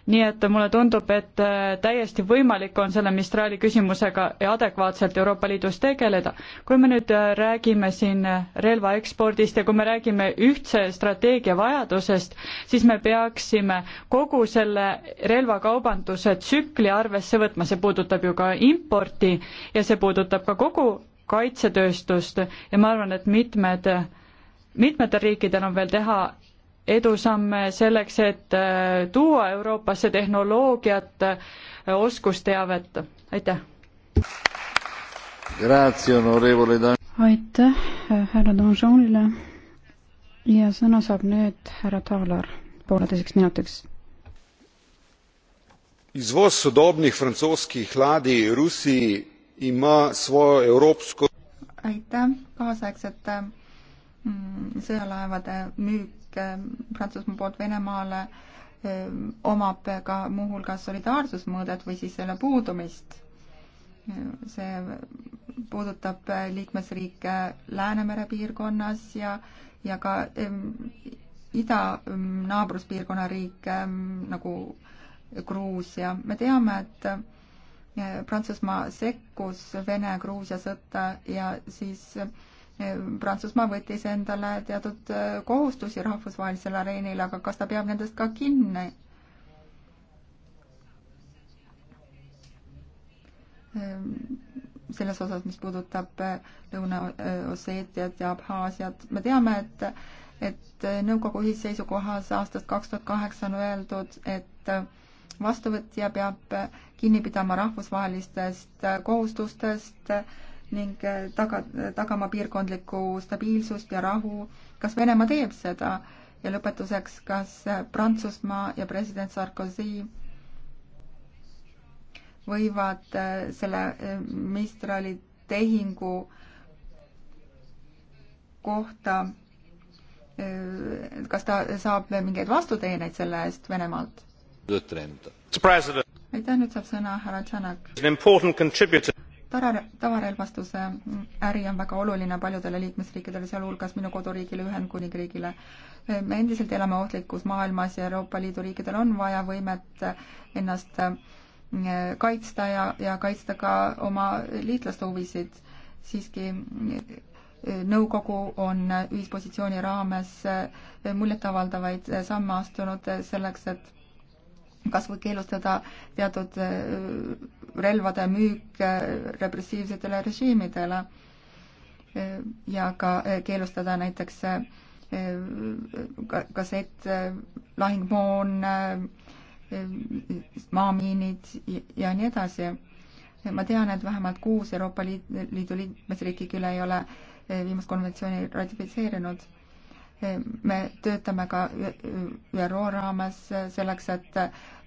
nii et mulle tundub, et äh, täiesti võimalik on selle Mistrali küsimusega adekvaatselt Euroopa Liidus tegeleda. kui me nüüd äh, räägime siin äh, relva ekspordist ja kui me räägime ühtse strateegia vajadusest, siis me peaksime kogu selle relvakaubanduse tsükli arvesse võtma, see puudutab ju ka importi ja see puudutab ka kogu kaitsetööstust ja ma arvan, et mitmed mitmetel riikidel on veel teha edusamme selleks, et äh, tuua Euroopasse tehnoloogiat, äh, oskusteavet, aitäh! aitäh äh, härra Donjonile ja sõna saab nüüd härra Taalar pooleteiseks minutiks. izvoz sodobnih francoskih ladij Rusiji ima svojo evropsko aitäh, kaasaegsete mm, sõjalaevade müük et Prantsusmaa poolt Venemaale ehm, omab ka muuhulgas solidaarsusmõõdet või siis selle puudumist. see puudutab liikmesriike Läänemere piirkonnas ja, ja ka ehm, ida ehm, naabruspiirkonna riike nagu Gruusia. me teame, et Prantsusmaa sekkus Vene-Gruusia sõtta ja siis Prantsusmaa võttis endale teatud äh, kohustusi rahvusvahelisel areenil, aga kas ta peab nendest ka kinni? Ehm, selles osas, mis puudutab äh, Lõuna-Osseetiat ja Abhaasiat, me teame, et, et äh, nõukogu ühisseisukohas aastast kaks tuhat kaheksa on öeldud, et vastuvõtja peab kinni pidama rahvusvahelistest kohustustest, ning äh, taga, tagama piirkondlikku stabiilsust ja rahu. kas Venemaa teeb seda? ja lõpetuseks, kas äh, Prantsusmaa ja president Sarkozy võivad äh, selle Mistrali tehingu kohta, kas ta saab mingeid vastuteeneid selle eest Venemaalt? aitäh, nüüd saab sõna härra Tšanak tara, tavarelvastuse äri on väga oluline paljudele liikmesriikidele, sealhulgas minu koduriigile, Ühendkuningriigile. me endiselt elame ohtlikus maailmas ja Euroopa Liidu riikidel on vaja võimet ennast eh, kaitsta ja, ja kaitsta ka oma liitlaste huvisid. siiski eh, nõukogu on ühispositsiooni raames eh, muljetavaldavaid samme astunud selleks, et kas või keelustada teatud äh, relvade müük äh, repressiivsetele režiimidele äh, ja ka keelustada näiteks kassett, lahingmoon, maamiinid ja nii edasi. ma tean, et vähemalt kuus Euroopa Liidu liikmesriiki küll ei ole viimast konventsiooni ratifitseerinud me töötame ka ÜRO raames selleks, et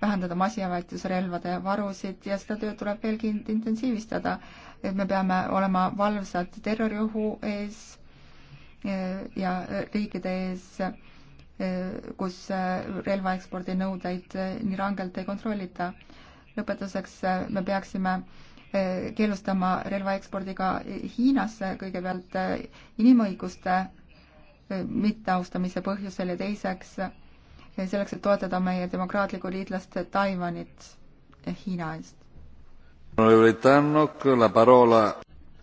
vähendada masinavääritusrelvade varusid ja seda tööd tuleb veelgi intensiivistada. et me peame olema valvsad terroriohu ees ja riikide ees, kus relvaekspordi nõudeid nii rangelt ei kontrollita. lõpetuseks me peaksime keelustama relvaekspordi ka Hiinasse kõigepealt inimõiguste mitteaustamise põhjusel ja teiseks selleks, et toetada meie demokraatlikku liitlast Taiwanit eh, Hiina eest.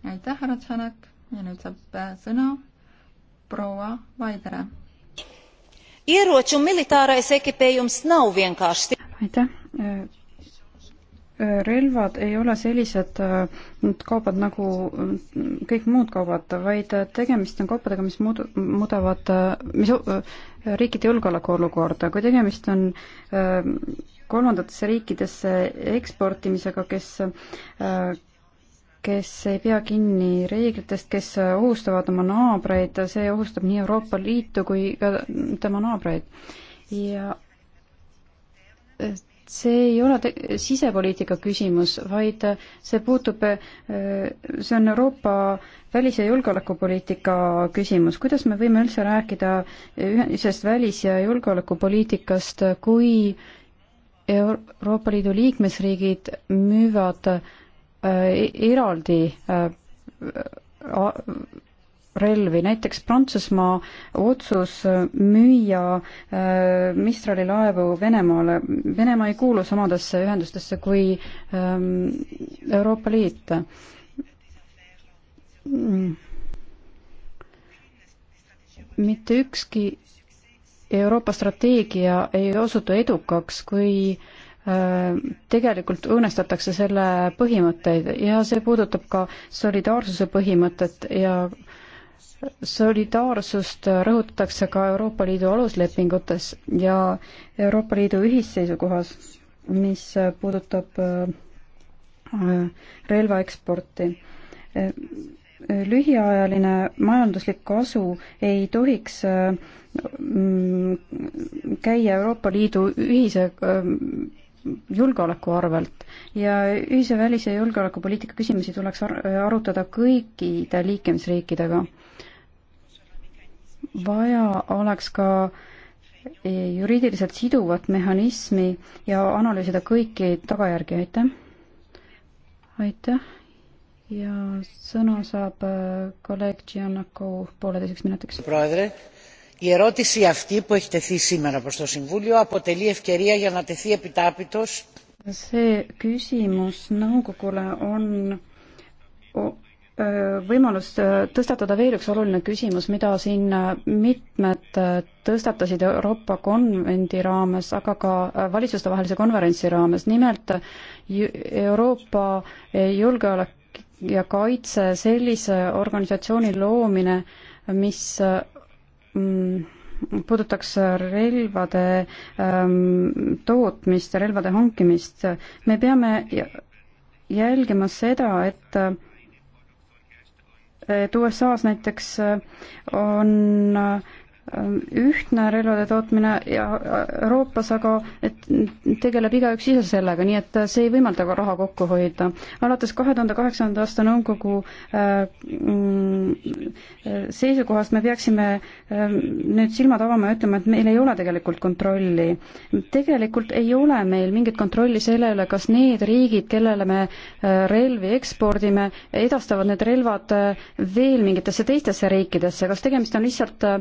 aitäh, härra Tšanak ja nüüd saab eh, sõna proua Vaidere. aitäh, eh, relvad ei ole sellised äh, kaubad nagu äh, kõik muud kaubad, vaid äh, tegemist on kaupadega, mis muud-, muudavad, mis riikide julgeolekuolukorda, kui tegemist on kolmandatesse riikidesse eksportimisega, kes kes ei pea kinni reeglitest, kes ohustavad oma naabreid, see ohustab nii Euroopa Liitu kui ka tema naabreid. ja et see ei ole sisepoliitika küsimus, vaid see puutub, äh, see on Euroopa välis- ja julgeolekupoliitika küsimus. kuidas me võime üldse rääkida ühisest välis- ja julgeolekupoliitikast, kui Euroopa Liidu liikmesriigid müüvad äh, e-, eraldi äh, relvi, näiteks Prantsusmaa otsus müüa äh, Mistrali laevu Venemaale, Venemaa ei kuulu samadesse ühendustesse kui ähm, Euroopa Liit. Mm. mitte ükski Euroopa strateegia ei osutu edukaks, kui äh, tegelikult õõnestatakse selle põhimõtteid ja see puudutab ka solidaarsuse põhimõtet ja solidaarsust rõhutatakse ka Euroopa Liidu aluslepingutes ja Euroopa Liidu ühisseisukohas, mis puudutab äh, relvaeksporti. lühiajaline majanduslik kasu ei tohiks mm, käia Euroopa Liidu ühise äh, julgeoleku arvelt ja ühise välis- ja julgeolekupoliitika küsimusi tuleks ar arutada kõikide liikmesriikidega vaja oleks ka juriidiliselt siduvat mehhanismi ja analüüsida kõiki tagajärgi, aitäh. aitäh ja sõna saab äh, kolleeg Giannaku pooleteiseks minutiks. Η ερώτηση αυτή που έχει τεθεί σήμερα προς το Συμβούλιο αποτελεί ευκαιρία για να τεθεί επιτάπητος. See küsimus nõukogule on võimalus tõstatada veel üks oluline küsimus, mida siin mitmed tõstatasid Euroopa konvendi raames, aga ka valitsustevahelise konverentsi raames, nimelt Euroopa e, julgeolek ja kaitse sellise organisatsiooni loomine, mis mm, puudutaks relvade tootmist ja relvade hankimist. me peame jälgima seda, et et USA-s näiteks äh, on äh, Ähm, ühtne relvade tootmine ja Euroopas, aga et tegeleb igaüks ise sellega, nii et äh, see ei võimalda ka raha kokku hoida. alates kahe tuhande kaheksanda aasta nõukogu äh, mm, äh, seisukohast me peaksime ähm, nüüd silmad avama ja ütlema, et meil ei ole tegelikult kontrolli. tegelikult ei ole meil mingit kontrolli selle üle, kas need riigid, kellele me relvi ekspordime, edastavad need relvad veel mingitesse teistesse riikidesse, kas tegemist on lihtsalt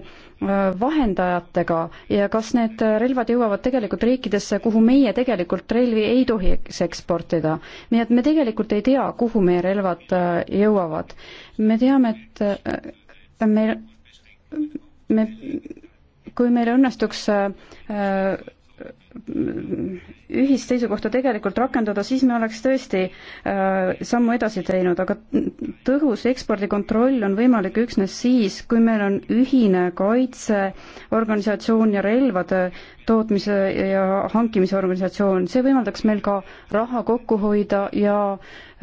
Äh, vahendajatega ja kas need relvad jõuavad tegelikult riikidesse, kuhu meie tegelikult relvi ei tohiks eksportida. nii et me tegelikult ei tea, kuhu meie relvad äh, jõuavad. me teame, et äh, meil, me, kui meil õnnestuks ühist seisukohta tegelikult rakendada, siis me oleks tõesti sammu edasi teinud, aga tõhus ekspordikontroll on võimalik üksnes siis, kui meil on ühine kaitseorganisatsioon ja relvade tootmise ja hankimise organisatsioon, see võimaldaks meil ka raha kokku hoida ja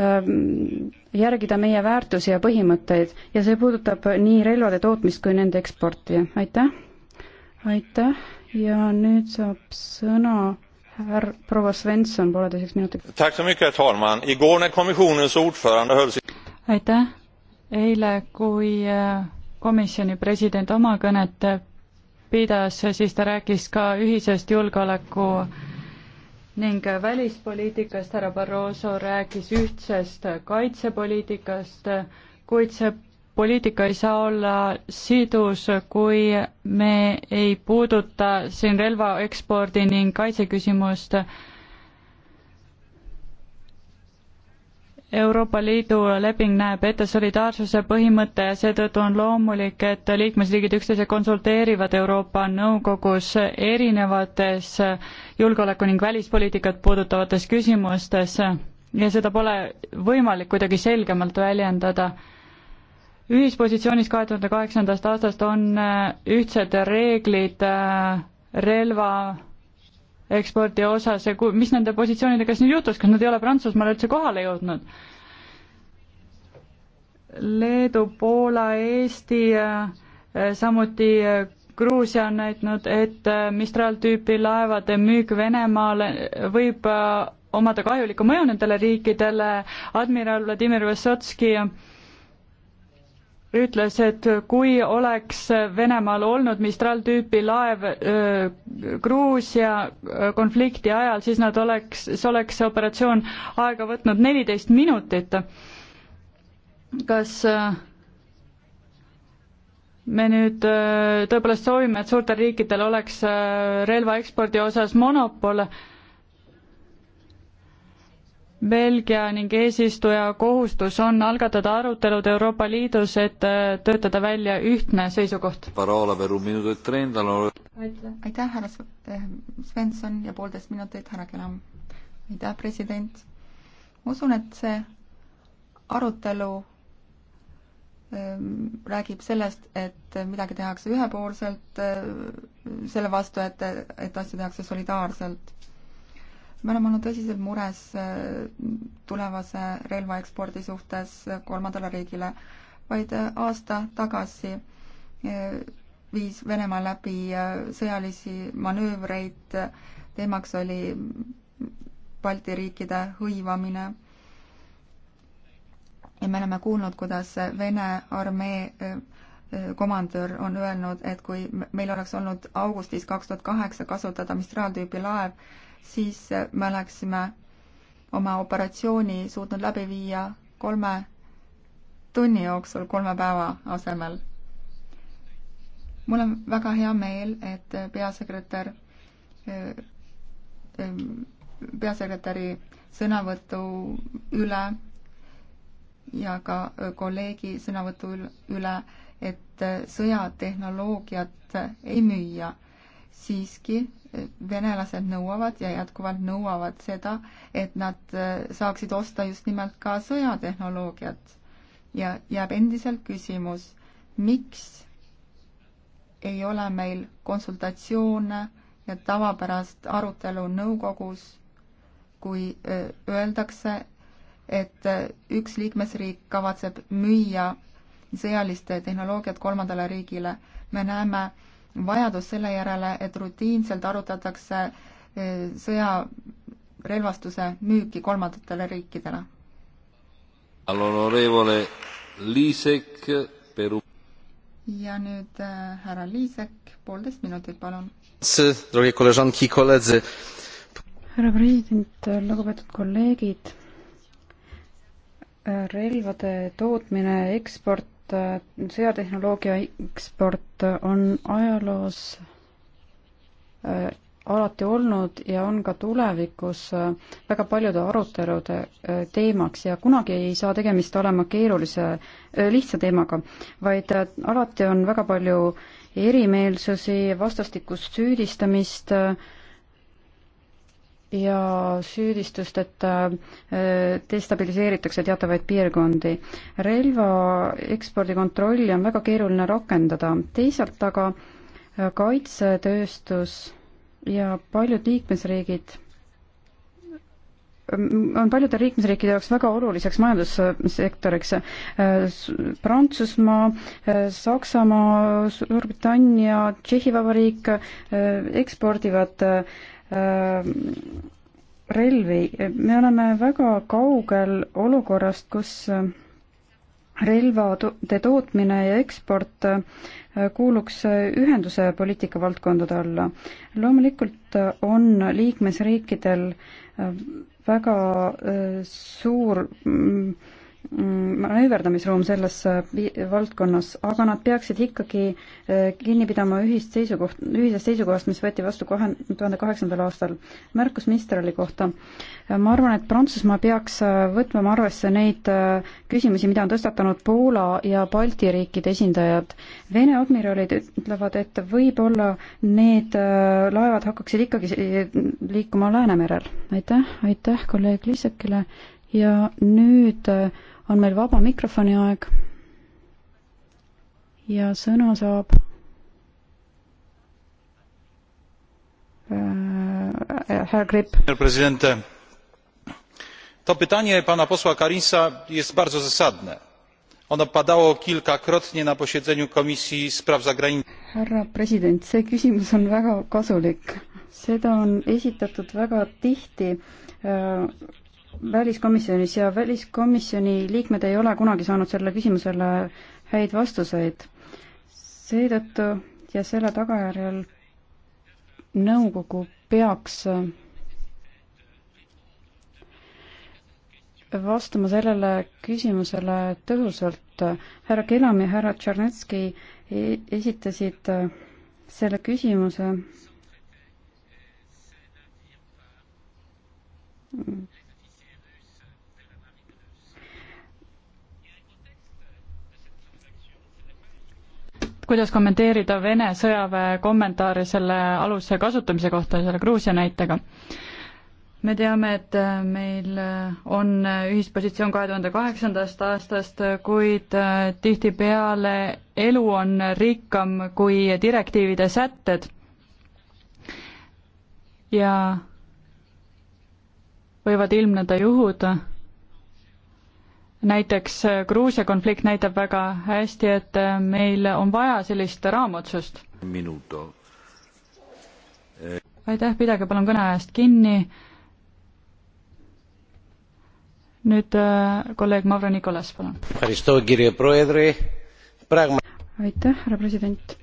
ähm, järgida meie väärtusi ja põhimõtteid ja see puudutab nii relvade tootmist kui nende eksporti, aitäh. aitäh ja nüüd saab sõna herr proua Svensson pooleteiseks minutiks aitäh. eile, kui äh, komisjoni president oma kõnet pidas, siis ta rääkis ka ühisest julgeoleku ning välispoliitikast, härra Barroso rääkis ühtsest kaitsepoliitikast, kuid see poliitika ei saa olla sidus, kui me ei puuduta siin relvaekspordi ning kaitseküsimust Euroopa Liidu leping näeb ette solidaarsuse põhimõtte ja seetõttu on loomulik, et liikmesriigid üksteise konsulteerivad Euroopa Nõukogus erinevates julgeoleku ning välispoliitikat puudutavates küsimustes ja seda pole võimalik kuidagi selgemalt väljendada. ühispositsioonis kahe tuhande kaheksandast aastast on ühtsed reeglid relva ekspordi osas ja ku-, mis nende positsioonidega siis nüüd juhtus, kas nad ei ole Prantsusmaale üldse kohale jõudnud? Leedu, Poola, Eesti, äh, samuti äh, Gruusia on näitnud, et äh, Mistral tüüpi laevade müük Venemaale võib omada kahjulikku mõju nendele riikidele, admiral Vladimir Vessotski ütles, et kui oleks Venemaal olnud Mistral tüüpi laev Gruusia konflikti ajal, siis nad oleks, siis oleks see operatsioon aega võtnud neliteist minutit. kas me nüüd tõepoolest soovime, et suurtel riikidel oleks relvaekspordi osas monopol Belgia ning eesistuja kohustus on algatada arutelud Euroopa Liidus, et äh, töötada välja ühtne seisukoht. E aitäh, härra äh, Svensson ja poolteist minutit, härra Kelam. aitäh, president. ma usun, et see arutelu ähm, räägib sellest, et midagi tehakse ühepoolselt äh, selle vastu, et, et asju tehakse solidaarselt me oleme olnud tõsiselt mures äh, tulevase relvaekspordi suhtes äh, kolmandale riigile. vaid äh, aasta tagasi viis Venemaa läbi sõjalisi manöövreid, teemaks oli Balti riikide hõivamine. ja me oleme kuulnud, kuidas Vene armee komandör on öelnud, et kui meil oleks olnud augustis kaks tuhat kaheksa kasutada Mistral tüüpi laev, siis äh, me oleksime oma operatsiooni suutnud läbi viia kolme tunni jooksul kolme päeva asemel. mul on väga hea meel, et äh, peasekretär, äh, ähm, peasekretäri sõnavõtu üle ja ka kolleegi sõnavõtu üle, et sõjatehnoloogiat ei müüa. siiski venelased nõuavad ja jätkuvalt nõuavad seda, et nad äh, saaksid osta just nimelt ka sõjatehnoloogiat. ja jääb endiselt küsimus, miks ei ole meil konsultatsioone ja tavapärast arutelu nõukogus, kui äh, öeldakse, et äh, üks liikmesriik kavatseb müüa sõjalist tehnoloogiat kolmandale riigile. me näeme vajadus selle järele, et rutiinselt arutatakse eh, sõjarelvastuse müüki kolmandatele riikidele. ja nüüd eh, härra Liisek, poolteist minutit, palun. härra president, lugupeetud kolleegid relvade tootmine, eksport et sõjatehnoloogia eksport on ajaloos äh, alati olnud ja on ka tulevikus äh, väga paljude arutelude äh, teemaks ja kunagi ei saa tegemist olema keerulise, lihtsa teemaga, vaid alati on väga palju erimeelsusi, vastastikust süüdistamist äh,, ja süüdistust, et äh, destabiliseeritakse teatavaid piirkondi. relva ekspordi kontrolli on väga keeruline rakendada, teisalt aga äh, kaitsetööstus ja paljud liikmesriigid on paljude liikmesriikide jaoks väga oluliseks majandussektoriks. Äh, Prantsusmaa, Saksamaa, Suurbritannia, Tšehhi Vabariik ekspordivad relvi. me oleme väga kaugel olukorrast, kus relvade tootmine ja eksport kuuluks ühenduse poliitikavaldkondade alla. loomulikult on liikmesriikidel väga suur manööverdamisruum mm, selles äh, valdkonnas, aga nad peaksid ikkagi äh, kinni pidama ühist seisukoht, ühisest seisukohast, mis võeti vastu kahe, tuhande kaheksandal aastal. märkus Mistrali kohta. ma arvan, et Prantsusmaa peaks äh, võtma arvesse neid küsimusi, mida on tõstatanud Poola ja Balti riikide esindajad. Vene admiralid ütlevad, et võib-olla need laevad hakkaksid ikkagi liikuma Läänemerel. aitäh, aitäh kolleeg Liisekile ja nüüd äh, on meil vaba mikrofoni aeg. ja sõna saab äh, äh, härra Gripp. To pytanie pana posła Karinsa jest bardzo zasadne. Ono padało kilkakrotnie na posiedzeniu Komisji Spraw Zagranicznych. Härra president, see küsimus on väga kasulik. Seda on esitatud väga tihti äh, väliskomisjonis ja väliskomisjoni liikmed ei ole kunagi saanud sellele küsimusele häid vastuseid. seetõttu ja selle tagajärjel nõukogu peaks vastama sellele küsimusele tõhusalt. härra Kelam ja härra Tšernetski e-, esitasid selle küsimuse kuidas kommenteerida Vene sõjaväe kommentaare selle aluse kasutamise kohta selle Gruusia näitega? me teame, et meil on ühispositsioon kahe tuhande kaheksandast aastast, kuid tihtipeale elu on rikkam kui direktiivide sätted ja võivad ilmneda juhud, näiteks äh, Gruusia konflikt näitab väga hästi, et äh, meil on vaja sellist raamotsust. minuto. Äh. aitäh, pidage palun kõneajast kinni. nüüd kolleeg Mavro Nikolas, palun. aitäh, härra president.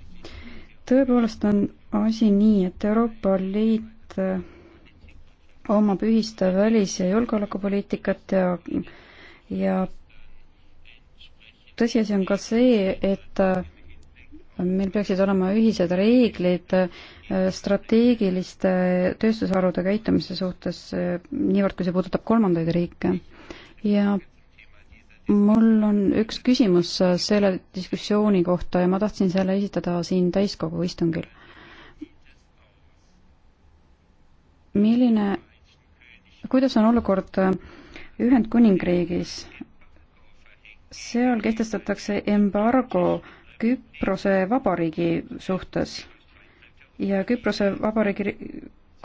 tõepoolest on asi nii, et Euroopa Liit omab ühist välis- ja julgeolekupoliitikat ja ja tõsiasi on ka see, et äh, meil peaksid olema ühised reeglid äh, strateegiliste tööstusharude käitumise suhtes, äh, niivõrd kui see puudutab kolmandaid riike. ja mul on üks küsimus selle diskussiooni kohta ja ma tahtsin selle esitada siin täiskogu istungil. milline, kuidas on olukord Ühendkuningriigis. seal kehtestatakse embargo Küprose Vabariigi suhtes ja Küprose Vabariigi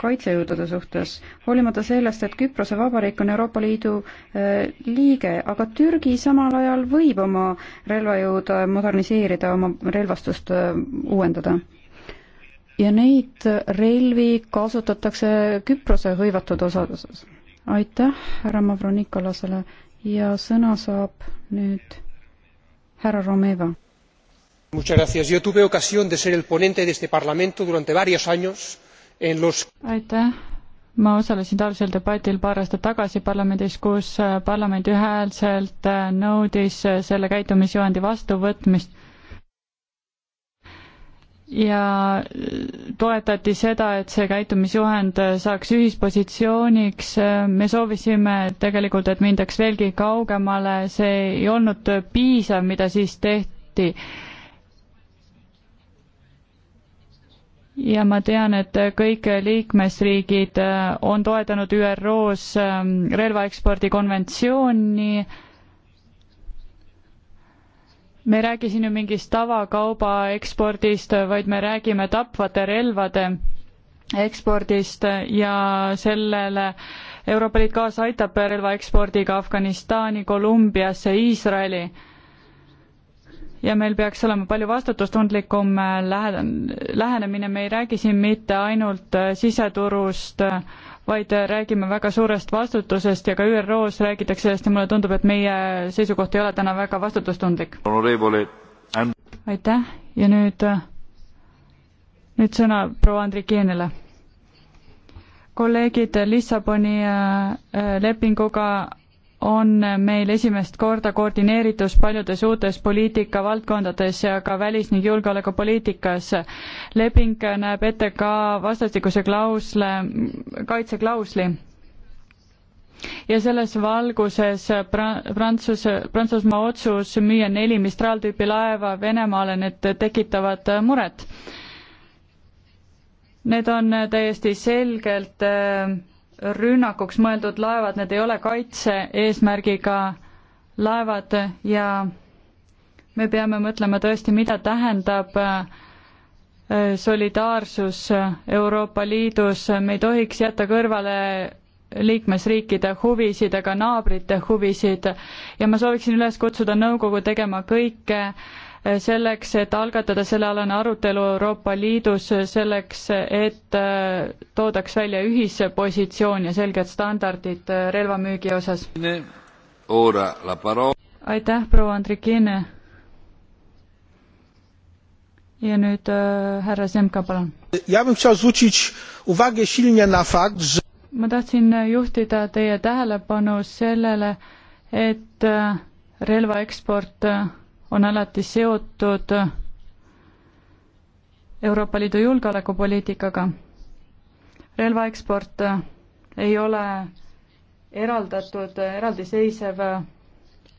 kaitsejõudude suhtes, hoolimata sellest, et Küprose Vabariik on Euroopa Liidu äh, liige, aga Türgi samal ajal võib oma relvajõude äh, moderniseerida, oma relvastust äh, uuendada. ja neid relvi kasutatakse Küprose hõivatud osades aitäh härra Mavronikolasele ja sõna saab nüüd härra Romeva. Muchas gracias. Yo tuve ocasión de ser el ponente de este Parlamento durante varios años en los. aitäh, ma osalesin taolisel debatil paar aastat tagasi parlamendis, kus äh, parlament ühehäälselt äh, nõudis äh, selle käitumisjuhendi vastuvõtmist ja toetati seda, et see käitumisjuhend saaks ühispositsiooniks, me soovisime tegelikult, et mindaks veelgi kaugemale, see ei olnud piisav, mida siis tehti. ja ma tean, et kõik liikmesriigid on toetanud ÜRO-s relvaekspordi konventsiooni, me ei räägi siin ju mingist tavakauba ekspordist, vaid me räägime tapvate relvade ekspordist ja sellele Euroopa Liit kaasa aitab relva ekspordiga Afganistani, Kolumbiasse, Iisraeli. ja meil peaks olema palju vastutustundlikum äh, lähe-, lähenemine, me ei räägi siin mitte ainult äh, siseturust, vaid äh, räägime väga suurest vastutusest ja ka ÜRO-s räägitakse sellest ja mulle tundub, et meie seisukoht ei ole täna väga vastutustundlik. aitäh ja nüüd, äh, nüüd sõna proua Andrikienile kolleegid Lissaboni äh, lepinguga on meil esimest korda koordineeritus paljudes uutes poliitikavaldkondades ja ka välis- ning julgeolekupoliitikas. leping näeb ette ka vastastikuse klausle, kaitseklausli. ja selles valguses Prantsuse, Prantsuse, Prantsusmaa otsus müüa neli Mistral tüüpi laeva Venemaale, need tekitavad muret. Need on täiesti selgelt äh, rünnakuks mõeldud laevad, need ei ole kaitse-eesmärgiga laevad ja me peame mõtlema tõesti, mida tähendab äh, solidaarsus Euroopa Liidus, me ei tohiks jätta kõrvale liikmesriikide huvisid ega naabrite huvisid ja ma sooviksin üles kutsuda nõukogu tegema kõike, selleks, et algatada sellealane arutelu Euroopa Liidus, selleks, et äh, toodaks välja ühise positsioon ja selged standardid äh, relvamüügi osas. aitäh, proua Andrikine. ja nüüd äh, härra Semka, palun. ma tahtsin äh, juhtida teie tähelepanu sellele, et relvaeksport on alati seotud Euroopa Liidu julgeolekupoliitikaga. relvaeksport ei ole eraldatud, eraldiseisev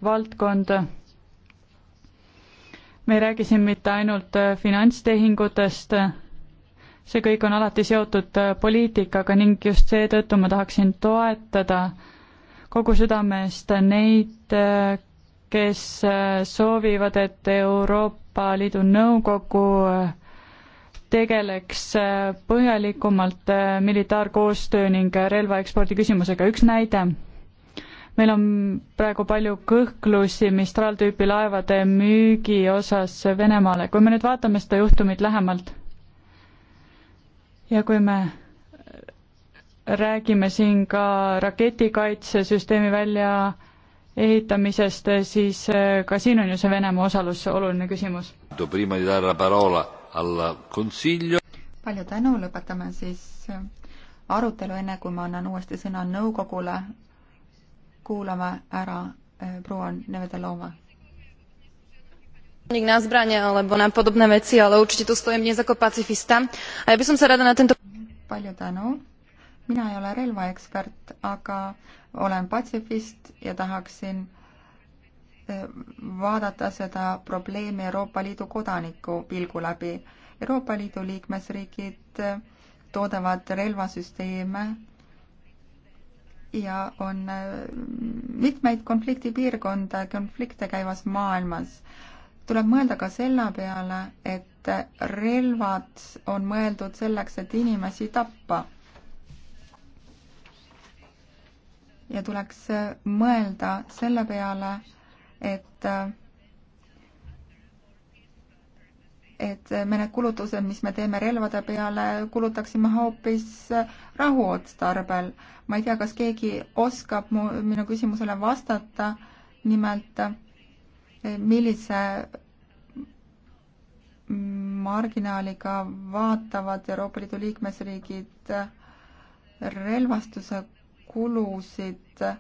valdkond. me ei räägi siin mitte ainult finantstehingutest, see kõik on alati seotud poliitikaga ning just seetõttu ma tahaksin toetada kogu südame eest neid kes äh, soovivad, et Euroopa Liidu Nõukogu äh, tegeleks äh, põhjalikumalt militaarkoostöö ning relvaekspordi küsimusega. üks näide. meil on praegu palju kõhklusi Mistral tüüpi laevade müügi osas Venemaale. kui me nüüd vaatame seda juhtumit lähemalt ja kui me räägime siin ka raketikaitsesüsteemi välja ehitamisest, siis äh, ka siin on ju see Venemaa osalus oluline küsimus. palju tänu, lõpetame siis äh, arutelu, enne kui ma annan uuesti sõna nõukogule. kuulame ära äh, proua Nevedalova. na zbranie alebo na podobné veci, ale určite tu stojím dnes ako pacifista. A ja by som sa rada na tento... Palju tänu. Mina ei ole relvaekspert, aga olen patsifist ja tahaksin äh, vaadata seda probleemi Euroopa Liidu kodaniku pilgu läbi. Euroopa Liidu liikmesriigid äh, toodavad relvasüsteeme ja on äh, mitmeid konfliktipiirkonda, konflikte käivas maailmas. tuleb mõelda ka selle peale, et relvad on mõeldud selleks, et inimesi tappa ja tuleks mõelda selle peale, et et me need kulutused, mis me teeme relvade peale, kulutaksime hoopis rahu otstarbel. ma ei tea, kas keegi oskab mu, minu küsimusele vastata, nimelt millise marginaaliga vaatavad Euroopa Liidu liikmesriigid relvastuse kulusid äh,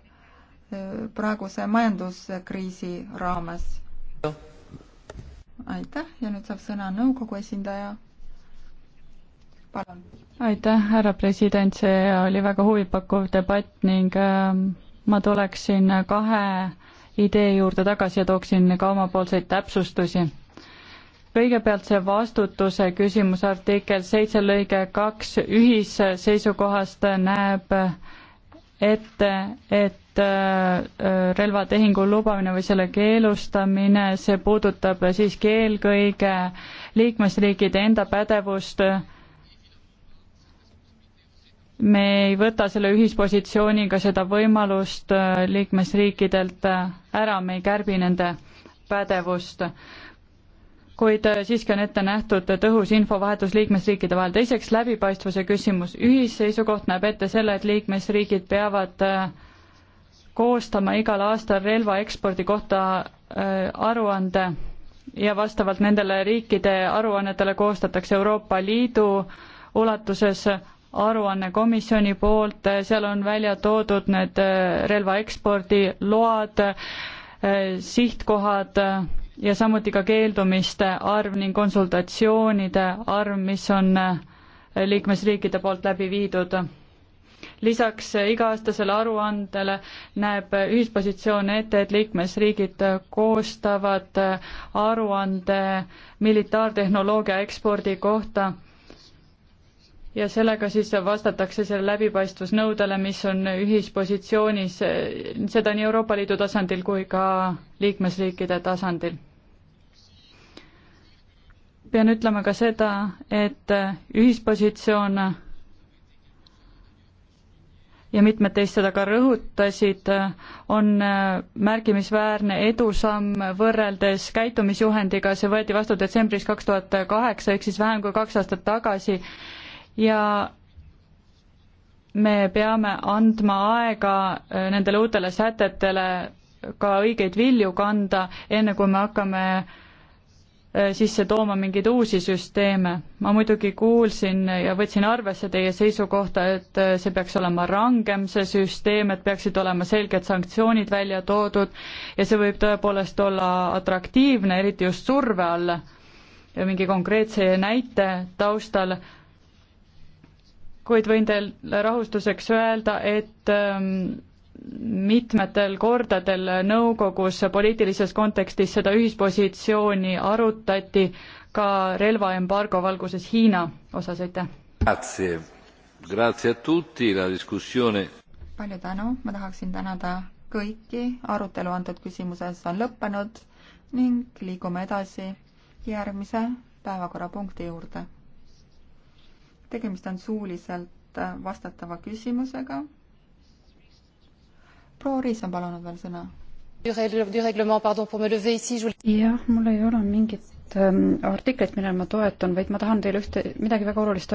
praeguse majanduskriisi raames. aitäh ja nüüd saab sõna nõukogu esindaja. palun. aitäh, härra president, see oli väga huvipakkuv debatt ning ähm, ma tuleksin kahe idee juurde tagasi ja tooksin ka omapoolseid täpsustusi. kõigepealt see vastutuse küsimus, artikkel seitse lõige kaks ühisseisukohast näeb äh, ette, et äh, äh, relvatehingu lubamine või selle keelustamine, see puudutab siiski eelkõige liikmesriikide enda pädevust. me ei võta selle ühispositsiooniga seda võimalust äh, liikmesriikidelt ära, me ei kärbi nende pädevust kuid äh, siiski on ette nähtud tõhus infovahetus liikmesriikide vahel. teiseks, läbipaistvuse küsimus. ühisseisukoht näeb ette selle, et liikmesriigid peavad äh, koostama igal aastal relva ekspordi kohta äh, aruande ja vastavalt nendele riikide aruannetele koostatakse Euroopa Liidu ulatuses aruanne komisjoni poolt, seal on välja toodud need relva ekspordi load, sihtkohad, ja samuti ka keeldumiste arv ning konsultatsioonide arv, mis on eh, liikmesriikide poolt läbi viidud. lisaks eh, iga-aastasele aruandele näeb eh, ühispositsioon ette, et liikmesriigid koostavad aruande militaartehnoloogia ekspordi kohta ja sellega siis vastatakse selle läbipaistvusnõudele, mis on ühispositsioonis, seda nii Euroopa Liidu tasandil kui ka liikmesriikide tasandil. pean ütlema ka seda, et ühispositsioon ja mitmed teist seda ka rõhutasid, on märkimisväärne edusamm võrreldes käitumisjuhendiga, see võeti vastu detsembris kaks tuhat kaheksa, ehk siis vähem kui kaks aastat tagasi ja me peame andma aega äh, nendele uutele sätetele ka õigeid vilju kanda, enne kui me hakkame äh, sisse tooma mingeid uusi süsteeme. ma muidugi kuulsin ja võtsin arvesse teie seisukohta, et äh, see peaks olema rangem, see süsteem, et peaksid olema selged sanktsioonid välja toodud ja see võib tõepoolest olla atraktiivne, eriti just surve all ja mingi konkreetse näite taustal kuid võin teile rahustuseks öelda, et ähm, mitmetel kordadel nõukogus poliitilises kontekstis seda ühispositsiooni arutati ka relvaembargo valguses Hiina osas, aitäh! palju tänu, ma tahaksin tänada kõiki, arutelu antud küsimuses on lõppenud ning liigume edasi järgmise päevakorrapunkti juurde tegemist on suuliselt vastatava küsimusega. proua Riis on palunud veel sõna. jah, mul ei ole mingit ähm, artiklit, millele ma toetun, vaid ma tahan teile ühte, midagi väga olulist